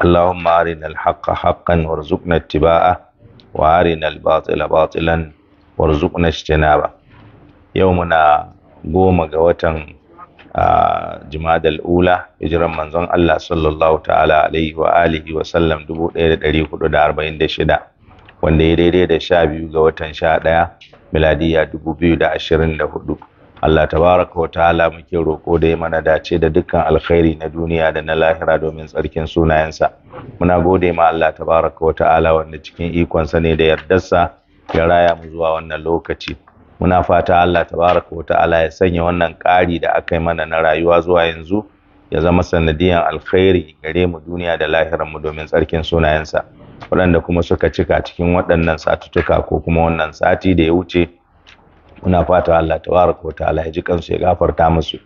اللهم أرنا الحق حقا وارزقنا اتباعه وأرنا الباطل باطلا وارزقنا اجتنابه يومنا goma ga watan jumada al'ula hijiran manzon Allah sallallahu ta'ala alaihi wa da wa da shida, wanda ya daidai da sha biyu ga watan sha ɗaya miladiya da da ashirin 2024 Allah tabaraka wa ta'ala muke roƙo da ya mana dace da dukkan alkhairi na duniya da na lahira domin tsarkin sunayensa muna gode ma Allah tabaraka wa ta'ala wanda cikin ikonsa ne da yardarsa ya raya mu zuwa wannan lokaci muna fata Allah tabaraka wa ta'ala ya sanya wannan ƙari da aka yi mana na rayuwa zuwa yanzu ya zama sanadiyan alkhairi gare mu duniya da lahiran mu domin tsarkin sunayensa waɗanda kuma suka cika cikin waɗannan satuttuka ko kuma wannan sati da ya wuce muna fata Allah tabaraka wa ta'ala ya ji kansu ya gafarta musu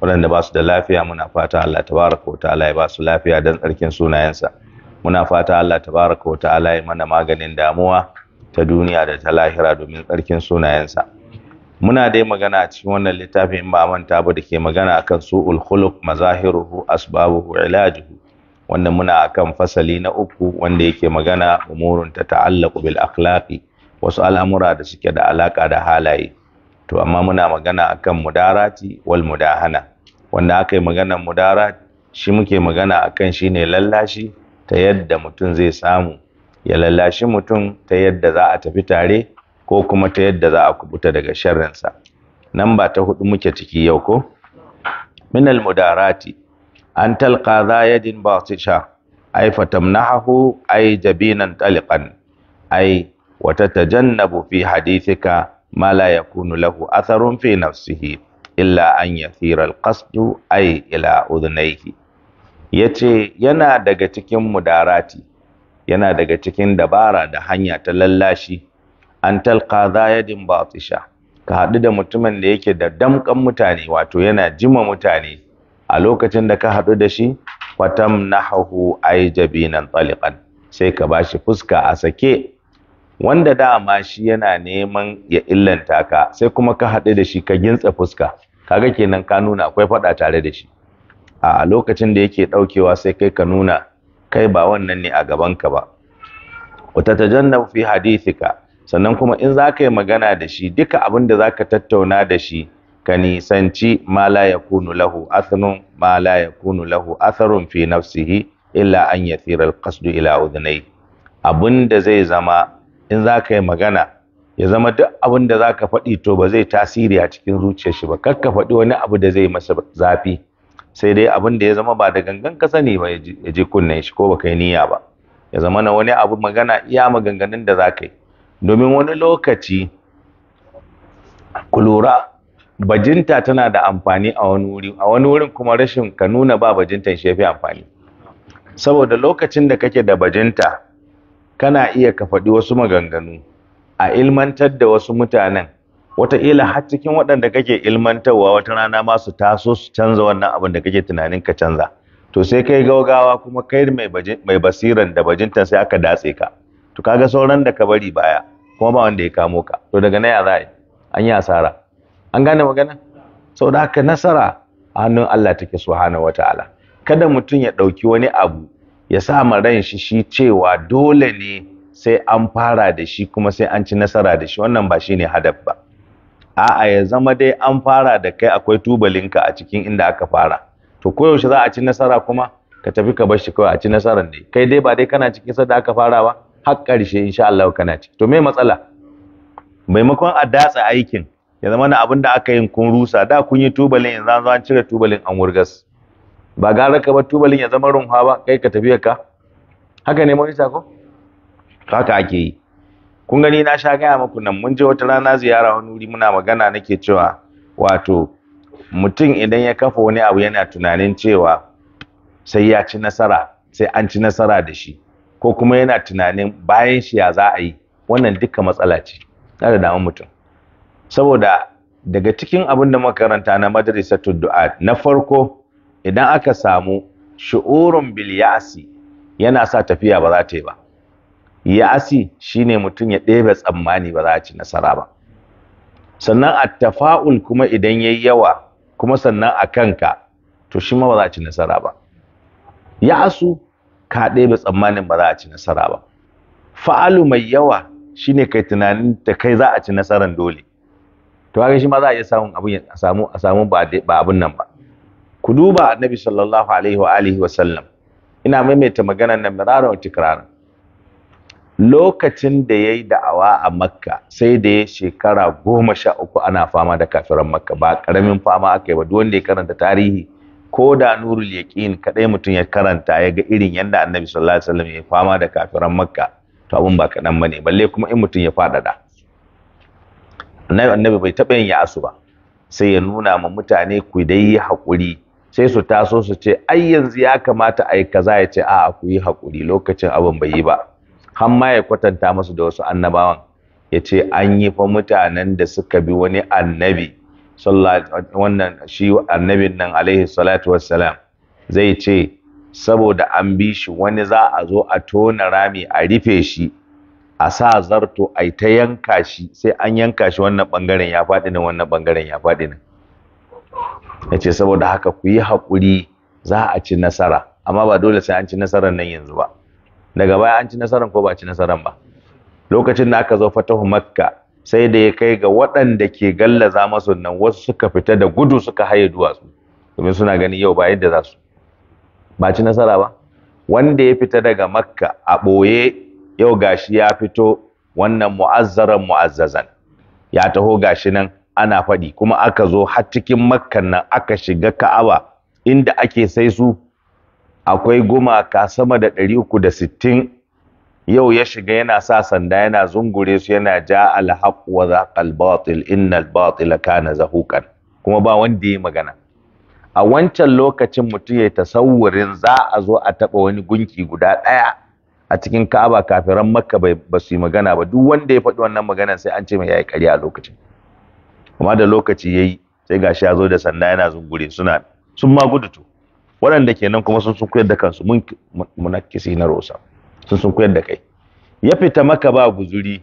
waɗanda ba su da lafiya muna fata Allah tabaraka wa ta'ala ya ba su lafiya dan tsarkin sunayensa muna fata Allah tabaraka wa ta'ala ya mana maganin damuwa ta duniya da ta lahira domin tsarkin sunayensa muna dai magana a cikin wannan littafi in ba manta ba da ke magana akan su'ul khuluq mazahiruhu asbabuhu ilajuhu wannan muna akan fasali na uku wanda yake magana umurun ta ta'allaqu bil akhlaqi wasu al'amura da suke da alaka da halaye to amma muna magana akan mudarati wal mudahana wanda aka yi maganar Mudarati shi muke magana akan shi ne lallashi ta yadda mutum zai samu ya lallashi mutum ta yadda za a tafi tare ko kuma ta yadda za a kubuta daga sharrinsa nan ba ta hudu muke ciki yau ko minal mudarati an talqa za yadin batisha ay fatamnahu ay jabinan taliqan ay wata tatajannabu fi hadithika ma la kunu lahu atharun fi nafsihi illa an yathira alqasdu ay ila udhnayhi yace yana daga cikin mudarati yana daga cikin dabara da hanya ta lallashi an talqa za yadin batisha ka haɗu da mutumin da yake da damƙan mutane wato yana jima mutane a lokacin da ka haɗu da shi fatam nahahu ay jabinan taliqan sai ka bashi fuska a sake wanda dama shi yana neman ya illanta ka sai kuma ka haɗu da shi ka gintsa fuska kaga kenan ka nuna akwai faɗa tare da shi a lokacin da yake ɗaukewa sai kai ka nuna kai ba wannan ne a gaban ka ba wata tajannab fi hadithika sannan kuma in za ka yi magana da shi duka abin da za ka tattauna da shi ka nisanci ma la yakunu lahu athnun ma la yakunu lahu atharun fi nafsihi illa an yathira alqasdu ila udhnai abin da zai zama in za ka yi magana ya zama duk abin da za ka faɗi to ba zai tasiri a cikin zuciyar shi ba kar ka faɗi wani abu da zai masa zafi sai dai abin da ya zama ba da gangan ka sani ba ya je kunnen shi ko ba yi niyya ba ya zama na wani abu magana iya maganganun da za ka yi domin wani lokaci ku lura bajinta tana da amfani a wani wuri a wani wurin kuma rashin ka nuna ba bajinta shi ya fi amfani saboda lokacin da kake da bajinta kana iya ka faɗi wasu maganganu a ilmantar da wasu mutanen wataƙila har cikin waɗanda kake ilmantarwa wata rana ma su taso su canza wannan abin da kake tunanin ka canza to sai kai gaugawa kuma kai mai basiran da bajinta sai aka datse ka to kaga sauran da ka bari baya kuma ba wanda ya kamo ka to daga na ya za an yi asara an gane magana sau da haka nasara a hannun Allah take subhanahu wataala kada mutum ya ɗauki wani abu ya sa ma ran shi shi cewa dole ne sai an fara da shi kuma sai an ci nasara da shi wannan ba shi ne hadaf ba a'a ya zama dai an fara da kai akwai tubalinka a cikin inda aka fara to koyaushe za a ci nasara kuma ka tafi ka bar shi kawai a ci nasarar ne kai dai ba dai kana cikin sada aka fara ba har ƙarshe insha Allah kana ci! to me matsala maimakon a datsa aikin ya zama na abin da aka yin kun rusa da kun yi tubalin yanzu an an cire tubalin an wurgas ba gara ka ba tubalin ya zama runha ba kai ka tafi ka haka ne mun sako haka ake yi kun gani na sha gaya muku nan mun je wata rana ziyara wani wuri muna magana nake cewa wato mutum idan ya kafa wani abu yana tunanin cewa sai ya ci nasara sai an ci nasara da shi ko kuma yana tunanin bayan shi ya za a yi wannan duka matsala ce na da damun mutum saboda daga cikin abin da makaranta na madrasatul du'a na farko idan aka samu shu'urun bil ya'si yana sa tafiya ba za ta yi ba ya'si shine mutum ya ɗebe tsammani ba za ci nasara ba sannan attafa'ul kuma idan yayi yawa kuma sannan a kanka to shi ma ba za ci nasara ba ya'su ka ɗebe tsammanin ba za ci nasara ba fa'alu mai yawa shine kai tunanin da kai za a ci nasaran dole to kaga shi ma za a iya samun abin a samu a samu ba abin nan ba ku duba annabi sallallahu alaihi wa alihi wa sallam ina maimaita maganar nan miraran wa lokacin da yayi da'awa a makka sai da ya shekara goma sha uku ana fama da kafiran makka ba karamin fama aka yi ba duk wanda ya karanta tarihi ko da nurul yaqin kadai mutum ya karanta ya ga irin yadda annabi sallallahu alaihi wa ya fama da kafiran makka to abun ba kadan bane balle kuma in mutum ya faɗaɗa annabi annabi bai taba yin ya'asu ba sai ya nuna ma mutane ku dai hakuri haƙuri sai su taso su ce ai yanzu ya kamata a yi kaza ya ce a ku yi haƙuri lokacin abin bai yi ba har ma ya kwatanta musu da wasu annabawan ya ce an yi fa mutanen da suka bi wani annabi wannan shi annabin nan alaihi salatu wassalam zai ce saboda an bi shi wani za a zo a tona rami a rufe shi a sa zarto ai ta yanka shi sai an yanka shi wannan bangaren ya faɗi nan wannan bangaren ya faɗi nan ya ce saboda haka ku yi haƙuri za a ci nasara amma ba dole sai an ci nasarar nan yanzu ba daga baya an ci nasarar ko ba ci nasarar ba lokacin da aka zo fatahu makka sai da ya kai ga waɗanda ke gallaza masu nan wasu suka fita da gudu suka haye duwatsu domin suna ganin yau ba yadda za su ba ci nasara ba wanda ya fita daga makka a ɓoye yau gashi ya fito wannan mu'azzaran mu'azzazan ya taho gashi nan ana faɗi kuma aka zo har cikin makkan nan aka shiga ka'aba inda ake sai su akwai gumaka sama da ɗari uku da sittin yau ya shiga yana sa sanda yana zungure su yana ja alhaq wa zaqal batil innal batil kana zahuqan kuma ba wanda ya magana a wancan lokacin mutum ya tasawurin za a zo a taɓa wani gunki guda ɗaya a cikin ka'aba kafiran makka ba su yi magana ba duk wanda ya faɗi wannan magana sai an ce mai yayi ƙarya a lokacin amma da lokaci yayi sai gashi ya zo da sanda yana zungure suna sun ma gudu to waɗanda kenan kuma sun sun koyar da kansu mun munakisi na rosa sun sun koyar da kai ya fita maka ba guzuri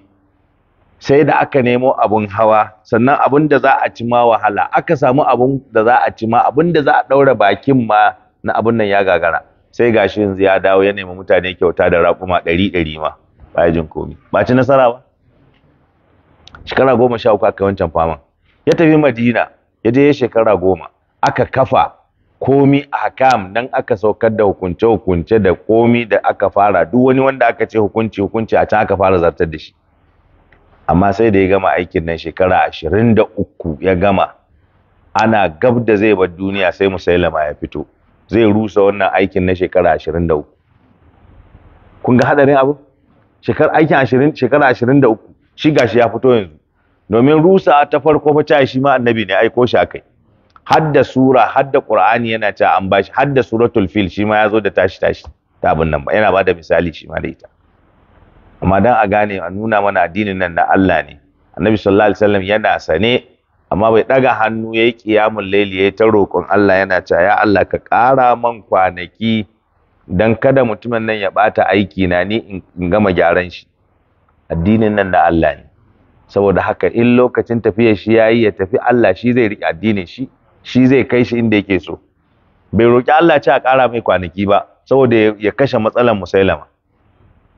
sai da aka nemo abun hawa sannan abun da za a ci ma wahala aka samu abun da za a ci ma abun da za a ɗaura bakin ma na abun nan ya gagara sai gashi yanzu ya dawo ya nemi mutane kyauta da raƙuma ɗari ɗari ma Ba jin komi ba ci nasara ba shekara goma sha uku aka wancan faman ya tafi madina ya je ya shekara goma aka kafa komi a hakam nan aka saukar da hukunce-hukunce da komi da aka fara duk wani wanda aka ce hukunci hukunci a can aka fara zartar da shi amma sai da ya gama aikin nan shekara ashirin da uku ya gama ana gab da zai bar duniya sai musailama ya fito zai rusa wannan aikin na shekara ashirin da uku kun ga hadarin abu shekara aikin ashirin shekara ashirin da uku shi gashi ya fito yanzu domin rusa ta farko fa ta shi ma annabi ne aiko shi akai hadda sura hadda qur'ani yana ta an bashi hadda suratul fil shi ma yazo da tashi tashi ta abin nan yana ba da misali shi ma da ita amma dan a gane a nuna mana addinin nan na Allah ne annabi sallallahu alaihi wasallam yana sane amma bai daga hannu yayi qiyamul layli yayi ta roƙon Allah yana cewa ya Allah ka ƙara man kwanaki dan kada mutumin nan ya bata aiki na ni in gama gyaran shi addinin nan na Allah ne saboda haka in lokacin tafiyar shi yayi ya tafi Allah shi zai riƙe addinin shi shi zai kai shi inda yake so bai roƙi Allah ce a ƙara mai kwanaki ba saboda ya kashe matsalar musailama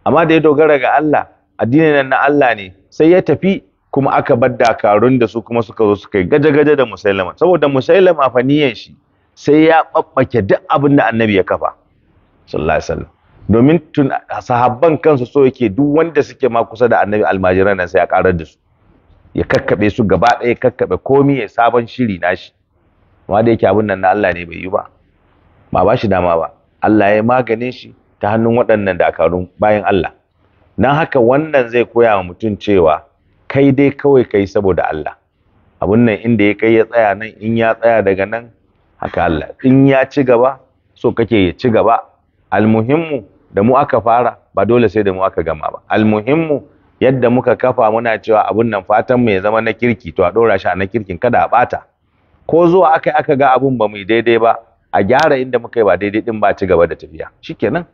amma da ya dogara ga Allah addinin nan na Allah ne sai ya tafi kuma aka bar dakarun da su kuma suka zo suka yi gaje-gaje da musailama saboda musailama fa niyyar shi sai ya babbake duk abin da annabi ya kafa sallallahu alaihi wasallam domin tun sahabban kansu so yake duk wanda suke ma kusa da annabi almajiran nan sai ya karar da su ya kakkabe su gaba ɗaya kakkabe komi ya sabon shiri nashi amma da yake abin nan na Allah ne bai yi ba ba ba shi dama ba Allah ya maganin shi ta hannun waɗannan dakarun bayan Allah dan haka wannan zai koya wa mutum cewa kai dai kawai kai saboda Allah abun nan inda ya kai ya tsaya nan in ya tsaya daga nan haka Allah in ya ci gaba so kake ya ci gaba almuhimmu da mu aka fara ba dole sai da mu aka gama ba almuhimmu yadda muka kafa muna cewa abun nan fatan mu ya zama na kirki to a dora shi a na kirkin kada a bata ko zuwa aka aka ga abun ba mu daidai ba a gyara inda muka yi ba daidai din ba ci gaba da tafiya shikenan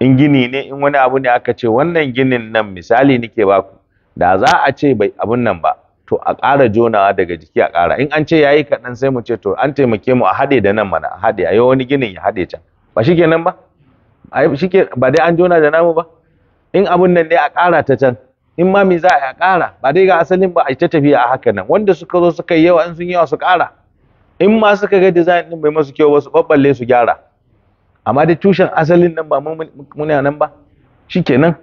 in gini ne in wani abu ne aka ce wannan ginin nan misali nake baku da za a ce bai abun nan ba to a ƙara jonawa daga jiki a ƙara in an ce yayi kaɗan sai mu ce to an taimake mu a haɗe da nan mana a haɗe a yi wani ginin ya haɗe can ba shikenan ba ba dai an jona da namu ba in abun nan ne a ƙara ta can in ma me za a ƙara ba dai ga asalin ba a yi ta tafiya a haka nan wanda suka zo suka yi yawa in sun yawa su ƙara in ma suka ga design din bai masu kyau ba su babballe su gyara amma dai tushen asalin nan ba muna nan ba shikenan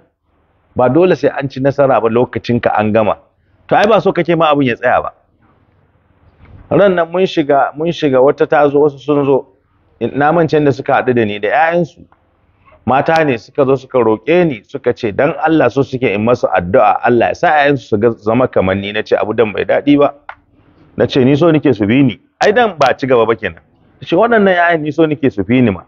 ba dole sai an ci nasara ba lokacin ka an gama to ai ba so kake ma abun ya tsaya ba ran nan mun shiga mun shiga wata ta wasu sun zo na mancen da suka haɗu da ni da 'ya'yansu mata ne suka zo suka roƙe ni suka ce dan Allah so suke in masu addu'a Allah ya sa ayansu su zama kamar ni nace abu dan bai daɗi ba nace ni so nake su bi ni ai dan ba ci gaba ba kenan nace waɗannan yayan ni so nake su bi ni ma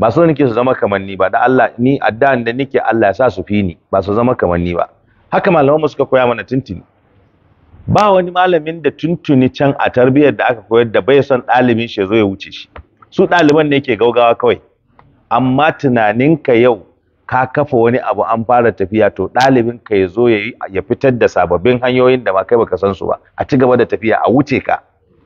ba so nake su zama kamar ni ba da Allah ni addan da nake Allah ya sa su fi ba su zama kamar ni ba haka malaman mu suka koya mana tuntuni ba wani malamin da tuntuni can a tarbiyyar da aka koyar da bai son ɗalibin shi zo ya wuce shi su ɗaliban ne ke gaugawa kawai amma tunaninka yau ka kafa wani abu an fara tafiya to ɗalibin ka ya zo ya fitar da sababbin hanyoyin da ma kai baka san su ba a ci gaba da tafiya a wuce ka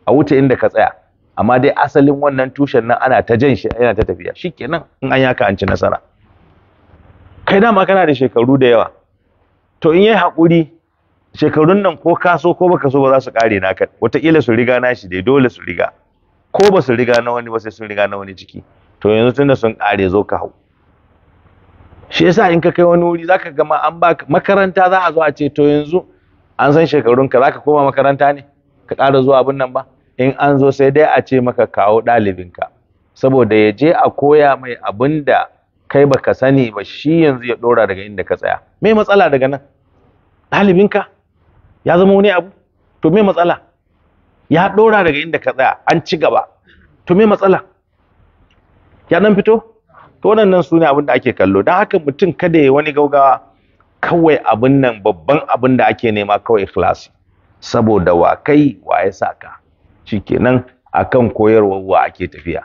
a wuce inda ka tsaya amma dai asalin wannan tushen nan ana ta jan shi yana ta tafiya shikenan in an yaka an ci nasara kai dama kana da shekaru da yawa to in yi haƙuri shekarun nan ko ka so ko baka so ba za su ƙare naka wataƙila su riga na shi dai dole su riga ko ba su riga na wani ba sai sun riga na wani ciki to yanzu tunda sun kare zo ka hau shi yasa in ka kai wani wuri zaka ga ma an baka makaranta za a zo a ce to yanzu an san shekarunka zaka koma makaranta ne ka ƙara zuwa abin nan ba in an zo sai dai a ce maka kawo ɗalibinka saboda ya je a koya mai abin da kai baka sani ba shi yanzu ya ɗora daga inda ka tsaya me matsala daga nan ɗalibinka ya zama wani abu to me matsala ya ɗora daga inda ka tsaya an ci gaba to me matsala ya fito to wannan su ne abin da ake kallo dan haka mutum kada ya wani gaugawa kawai abin nan babban abin da ake nema kawai ikhlasi saboda wa kai wa ya saka shikenan akan koyarwar wa ake tafiya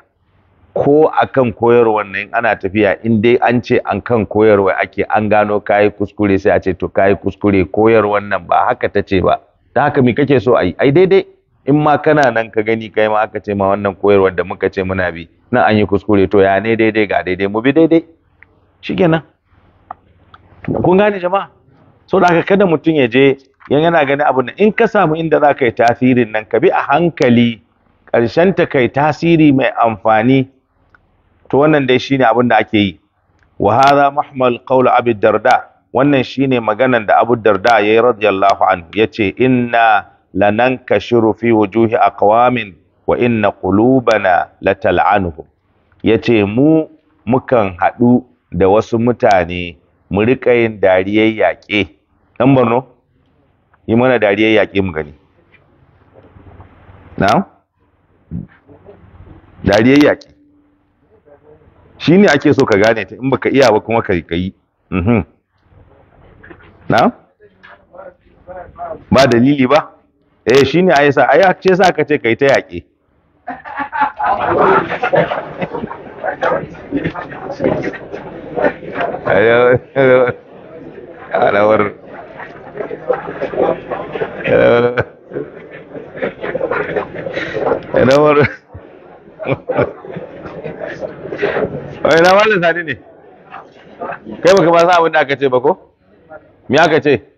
ko akan koyarwar nan ana tafiya in dai an ce an kan koyarwa ake an gano kai kuskure sai a ce to kai kuskure koyarwar nan ba haka tace ba dan haka me kake so ai ai daidai in ma kana nan ka gani kai ma aka ce ma wannan koyarwar da muka ce muna bi na an yi kuskure to ya ne daidai ga daidai mu bi daidai shikenan kun gane jama'a so da aka kada mutum ya je yan yana gani abu in ka samu inda za ka yi tasirin nan ka bi a hankali ƙarshen ta kai tasiri mai amfani to wannan dai shine abin da ake yi wa hadha mahmal qawl abi darda wannan shine maganan da abu darda yayi radiyallahu anhu yace inna lanankashiru fi wujuhi aqwamin wa inna qulubana latal'anuhum yace mu mukan haɗu da wasu mutane mu riƙa yin dariyar yaƙe ɗan Borno yi mana dariyar yaƙe mu gani na dariyar yaƙe shi ne ake so ka gane ta in baka iya ba kuma ka yi na ba dalili ba eh shi ne a yi sa a yi ce sa ka ce kai ta yaƙi wai na wani zane ne kai baka ba za abin da aka ce ba ko me aka ce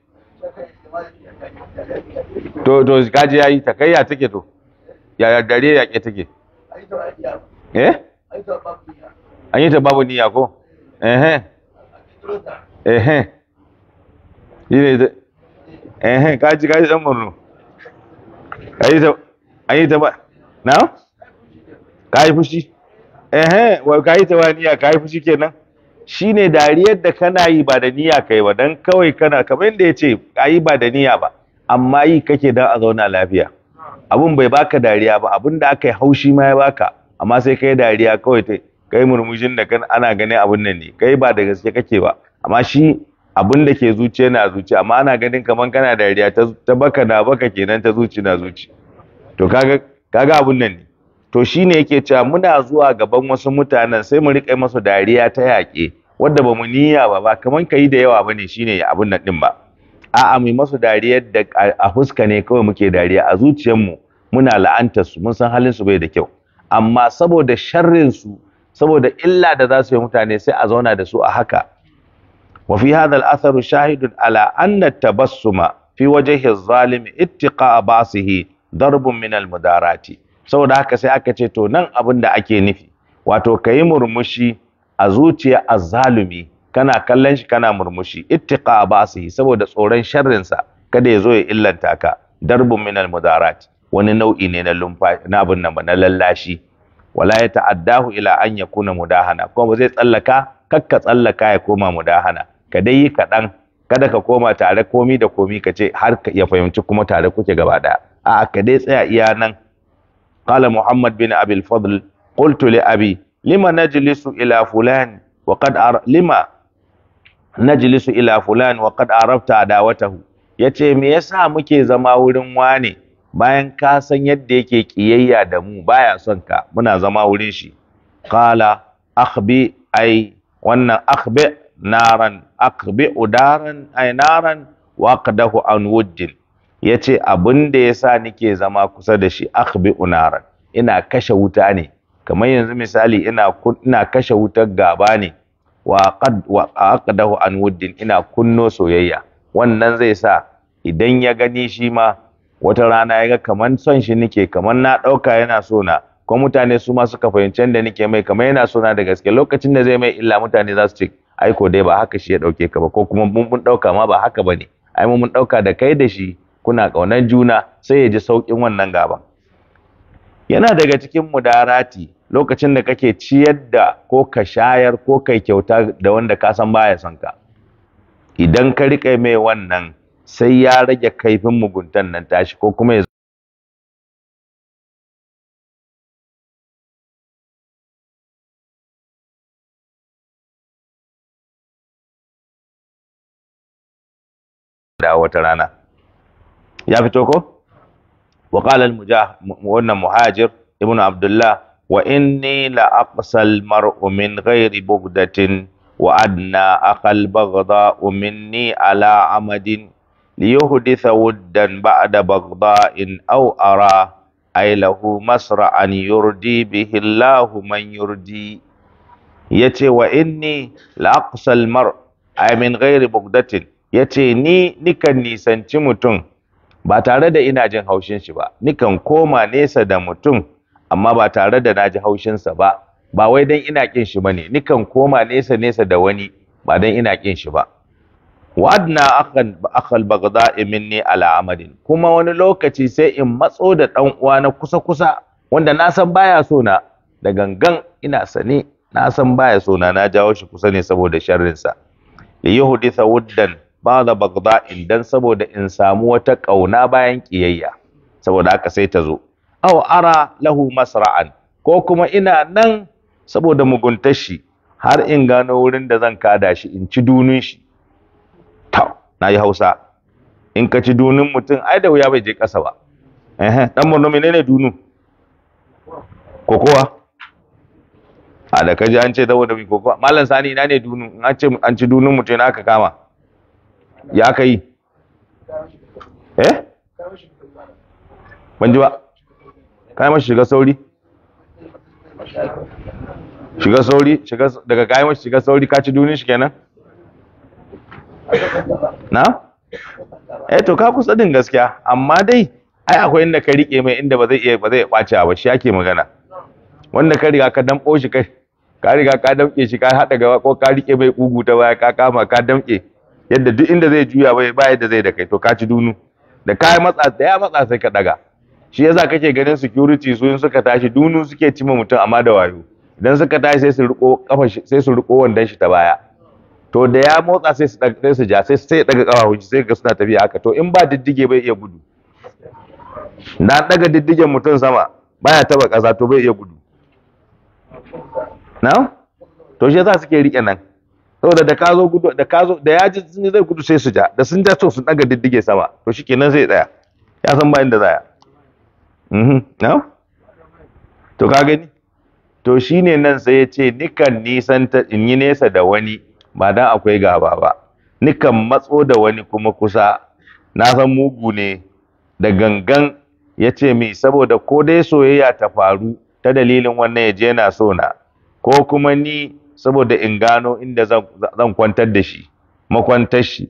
to to kaji yayi ta kai ya take to ya dare ya ke take eh an yi ta babu niyya ko eh eh eh eh kaji kaji dan murnu kaji ta an yi ta ba na kayi fushi eh eh wa kayi ta wani ya kayi fushi kenan shine dariyar da kana yi ba da niyya kai ba dan kawai kana kamar yadda yace ayi ba da niyya ba amma yi kake dan a zauna lafiya abun bai baka dariya ba abun da aka yi haushi ma ya baka amma sai kai dariya kawai te kai murmushin da kan ana ganin abun nan ne kai ba da gaske kake ba amma shi abun da ke zuciya na zuciya amma ana ganin kaman kana dariya ta baka na baka kenan ta zuci na zuci to kaga kaga abun nan ne to shine yake cewa muna zuwa gaban wasu mutanen sai mu riƙe masu dariya ta yaƙe wanda ba mu niyya ba ba kaman kai da yawa bane shine abin nan din ba a'a mu masu dariya da a fuska ne kawai muke dariya a zuciyarmu muna la'antar su mun san halin su bai da kyau amma saboda sharrin su saboda illa da za su yi mutane sai a zauna da su a haka wa fi hadha al-atharu shahidun ala anna tabassuma fi wajhi az-zalimi ittiqa ba'sihi darbun min al-mudarati saboda haka sai aka ce to nan abin da ake nufi wato ka yi murmushi a zuciya azzalumi kana kallon shi kana murmushi ittiqa basihi saboda tsoron sharrinsa kada ya zo ya illanta ka darbun minal mudarat wani nau'i ne na lumfa na abin nan na lallashi wala ya ta'addahu ila an yakuna mudahana kuma ba zai tsallaka kakka tsallaka ya koma mudahana ka dai yi kaɗan kada ka koma tare komi da komi ka ce har ya fahimci kuma tare kuke gaba ɗaya a'a ka dai tsaya iya nan قال محمد بن أبي الفضل قلت لأبي لما نجلس إلى فلان وقد أر... لما najlisu ila fulan wa yace me yasa muke zama wurin wane bayan ka san yadda yake kiyayya da mu baya son ka muna zama wurin shi qala akhbi ai wannan akhbi naran akhbi udaran ay naran wa an wujjil ya ce abin da ya sa nike zama kusa da shi akhbi unaran ina kashe wuta ne kamar yanzu misali ina ina kashe wutar gaba ne wa qad wa aqdahu an wuddin ina kunno soyayya wannan zai sa idan ya gani shi ma wata rana ya ga kamar son shi nike kamar na ɗauka yana so na kuma mutane su ma suka fahimci da nike mai kamar yana so na da gaske lokacin da zai mai illa mutane za su ce aiko dai ba haka shi ya ɗauke ka ba ko kuma mun ɗauka ma ba haka ba ne ai mun ɗauka da kai da shi kuna ƙaunar juna sai ya ji sauƙin wannan gaban yana daga cikin mudarati lokacin da kake ciyar da ko ka shayar ko kai kyauta da wanda ka san baya son ka idan ka riƙe mai wannan sai ya rage kaifin muguntan nan tashi ko kuma ya da wata rana ya fito ko wa qala al-mujah wannan muhajir ibnu abdullah wa inni la aqsal mar'u min ghairi bughdatin wa adna aqal baghda minni ala amadin liyuhditha wuddan ba'da in aw ara ay lahu masra'an yurdi bihi Allahu man yurdi yace wa inni la aqsal mar'u ay min ghairi bughdatin yace ni nikan nisanci mutum ba tare da ina jin haushin shi ba nikan koma nesa da mutum amma ba tare da naji haushinsa ba ba wai dan ina kin shi bane nikan koma nesa nesa da wani ba dan ina kin shi ba wa adna akhan akhal baghda'i minni ala amadin kuma wani lokaci sai in matso da dan uwa na kusa kusa wanda na san baya so na da gangan ina sane na san baya so na na jawo shi kusa ne saboda sharrin sa li yuhdisa wuddan ba da bagda'in dan saboda in samu wata ƙauna bayan ƙiyayya saboda haka sai ta zo aw ara lahu masra'an ko kuma ina nan saboda muguntar shi har in gano wurin da zan kada shi in ci dunin shi ta na yi hausa in ka ci dunin mutum ai da wuya bai je ƙasa ba eh dan ne menene dunu kokowa a da kaji an ce saboda mai kokowa malam sani ina ne dunu an ce an ci dunun mutum na aka kama ya aka yi eh ban ji ba kai mashi shiga sauri shiga sauri shiga daga kai mashi shiga sauri ka ci duniya shi kenan na eh to ka kusa din gaskiya amma dai ai akwai inda ka rike mai inda ba zai iya ba zai ɓaci ba shi yake magana wanda ka riga ka damƙo shi kai ka riga ka damƙe shi ka haɗa gaba ko ka rike mai ugu ta baya ka kama ka damƙe yadda duk inda zai juya bai ba yadda zai da kai to ka ci dunu da kai matsa da ya matsa sai ka daga shi yasa kake ganin security su in suka tashi dunu suke cima mutum amma da wayo idan suka tashi sai su riko kafa sai su riko wandan shi ta baya to da ya motsa sai su daga su ja sai sai daga kafa sai ga suna tafiya haka to in ba diddige bai iya gudu na daga diddigen mutum sama baya taba kasa to bai iya gudu na to shi yasa suke rike nan saboda da ka zo gudu da ka zo da ya ji sun zai gudu sai su ja da sun ja to sun daga diddige sama to shikenan zai tsaya ya san bayan da zaya mhm na to ka gani to shine nan sai ya ce nikan nisan ta in yi nesa da wani ba dan akwai gaba ba nikan matso da wani kuma kusa na san mugu ne da gangan ya ce mi saboda ko dai soyayya ta faru ta dalilin wannan ya je na so na ko kuma ni saboda in gano inda zan kwantar da shi makwantar shi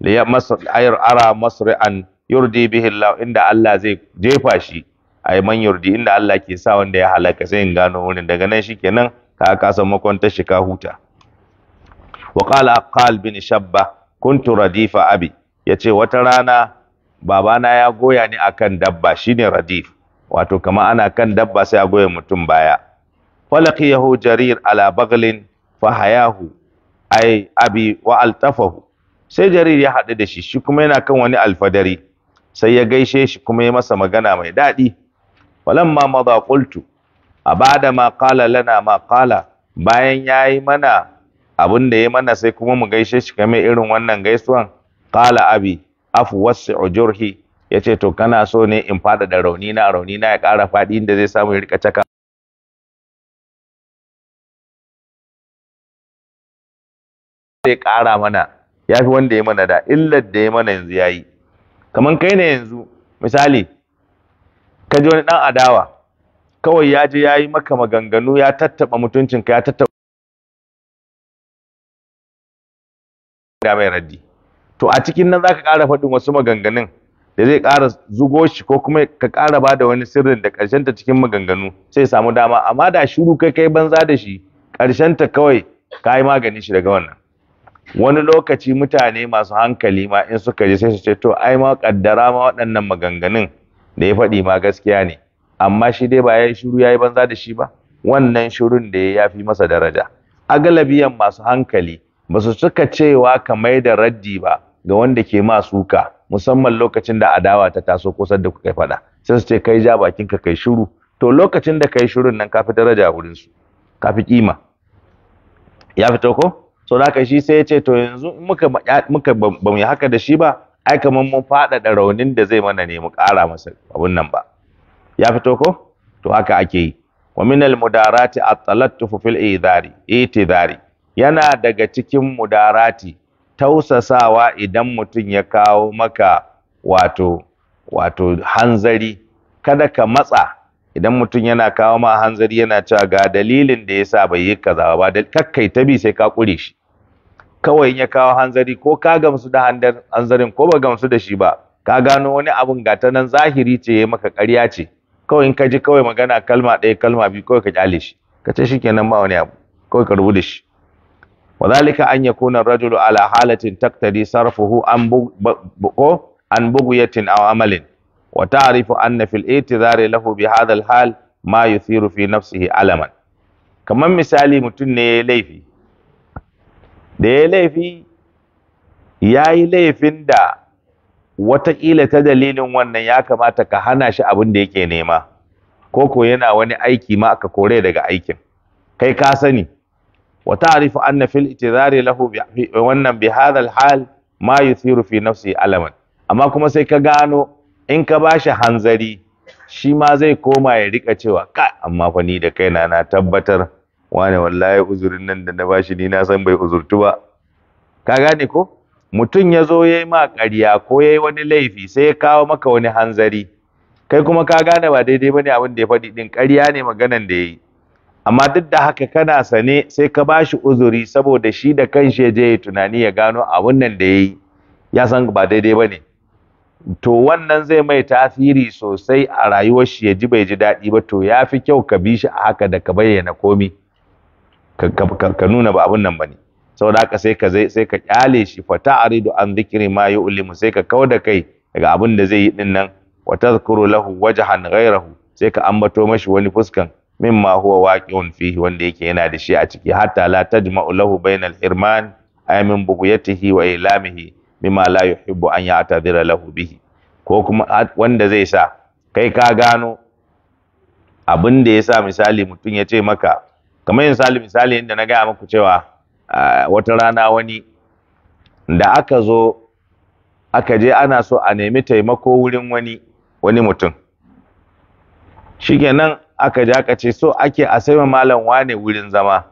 ya ayar ara masri'an yurdi bihi Allah inda Allah zai jefa shi ay man yurdi inda Allah ke sa wanda ya halaka sai in gano wurin daga nan shikenan ka ka san makwantar shi ka huta wa qala aqal bin shabba kuntu radifa abi ce, wata rana babana ya goya ni akan dabba shine radif wato kama ana kan dabba sai a goya mutum baya فلقيه jarir على بغل fahayahu اي abi والتفه sai jarir ya haɗu da shi shi kuma yana kan wani alfadari sai ya gaishe shi kuma ya masa magana mai daɗi falamma madha qultu abada ma qala lana ma qala bayan yayi mana abin da ya mana sai kuma mu gaishe shi kamar irin wannan gaisuwan qala abi afu wasi'u jurhi yace to kana so ne in fada da rauni na rauni na ya ƙara faɗi inda zai samu ya rika caka zai ƙara mana ya fi wanda ya mana da illar da ya mana yanzu ya yi kamar kai ne yanzu misali ka ji wani ɗan adawa kawai ya ji ya yi maka maganganu ya tattaɓa mutuncinka ya tattaɓa da mai raddi to a cikin nan za ka ƙara faɗin wasu maganganun da zai ƙara zugo shi ko kuma ka ƙara ba da wani sirrin da ta cikin maganganu sai samu dama amma da shiru kai kai banza da shi ta kawai ka yi magani shi daga wannan wani lokaci mutane masu hankali ma in suka ji sai su ce to ai ma kaddara ma waɗannan maganganun da ya faɗi ma gaskiya ne amma shi dai ba ya yi shiru ya yi banza da shi ba wannan shirun da ya fi masa daraja a galabiyan masu hankali ba su cika cewa ka mai da raddi ba ga wanda ke ma suka musamman lokacin da adawa ta taso kusa da kuka faɗa sai su ce kai ja bakin ka kai shiru to lokacin da kai shirun nan ka fi daraja wurin su ka fi kima ya fito ko so da shi sai ya ce to yanzu muka muka ba mu yi haka da shi ba ai kamar mun faɗaɗa raunin da zai mana ne mu ƙara masa abun nan ba ya fito ko to haka ake yi wa min al mudarati at-talattufu fil idari itidari yana daga cikin mudarati tausasawa idan mutum ya kawo maka wato wato hanzari kada ka matsa idan mutum yana kawo ma hanzari yana cewa ga dalilin da yasa bai yi kaza ba da kakkai ta bi sai ka kure shi kawai in ya kawo hanzari ko ka gamsu da hanzarin ko ba gamsu da shi ba ka gano wani abun ga ta nan zahiri ce ya maka ƙarya ce kawai in ka ji kawai magana kalma ɗaya kalma biyu kawai ka kyale shi ka ce shi kenan ba wani abu kawai ka rubuta shi وذلك أن يكون الرجل على حالة تقتدي صرفه عن بغية أو عمل وتعرف أن في الاعتذار له بهذا الحال ما يثير في نفسه ألما كمان مثالي متن ليفي ده ليفي yayi laifin da wataƙila ta dalilin wannan ya kamata ka hana shi abin da yake nema ko ko yana wani aiki ma aka kore daga aikin kai ka sani wa ta'rifu anna fil itizari lahu bi wannan bi hadha al hal ma yuthiru fi nafsi alaman amma kuma sai ka gano in ka ba shi hanzari shi ma zai koma ya rika cewa ka amma fa ni da kaina na tabbatar wane wallahi uzurin nan da na bashi ni na san bai uzurtu ba ka gane ko mutum ya zo ya yi ma ƙarya ko ya yi wani laifi sai ya kawo maka wani hanzari kai kuma ka gane ba daidai ba ne abin da ya faɗi ɗin ƙarya ne maganan da ya yi amma duk da haka kana sane sai ka ba shi uzuri saboda shi da kanshi ya je ya tunani ya gano abin nan da ya yi ya san ba daidai ba ne to wannan zai mai tasiri sosai a rayuwar shi ya ji bai ji daɗi ba to ya fi kyau ka bi shi a haka da ka bayyana komi ka nuna ba abun nan ba ne saboda haka sai ka sai ka kyale shi fa ta'ridu an dhikri ma yu'limu sai ka da kai daga abin da zai yi din nan wa tadhkuru lahu wajhan ghayrahu sai ka ambato mashi wani fuskan mimma huwa waqi'un fihi wanda yake yana da shi a ciki hatta la tajma'u lahu bainal irman ay min bughyatihi wa ilamihi mimma la yuhibbu an ya'tadhira lahu bihi ko kuma wanda zai sa kai ka gano abin da ya sa misali mutum ya ce maka kamar misali misali inda na gaya maku cewa wata rana wani da aka zo aka je ana so a nemi taimako wurin wani wani mutum shikenan aka je aka ce so ake a sai malam wane wurin zama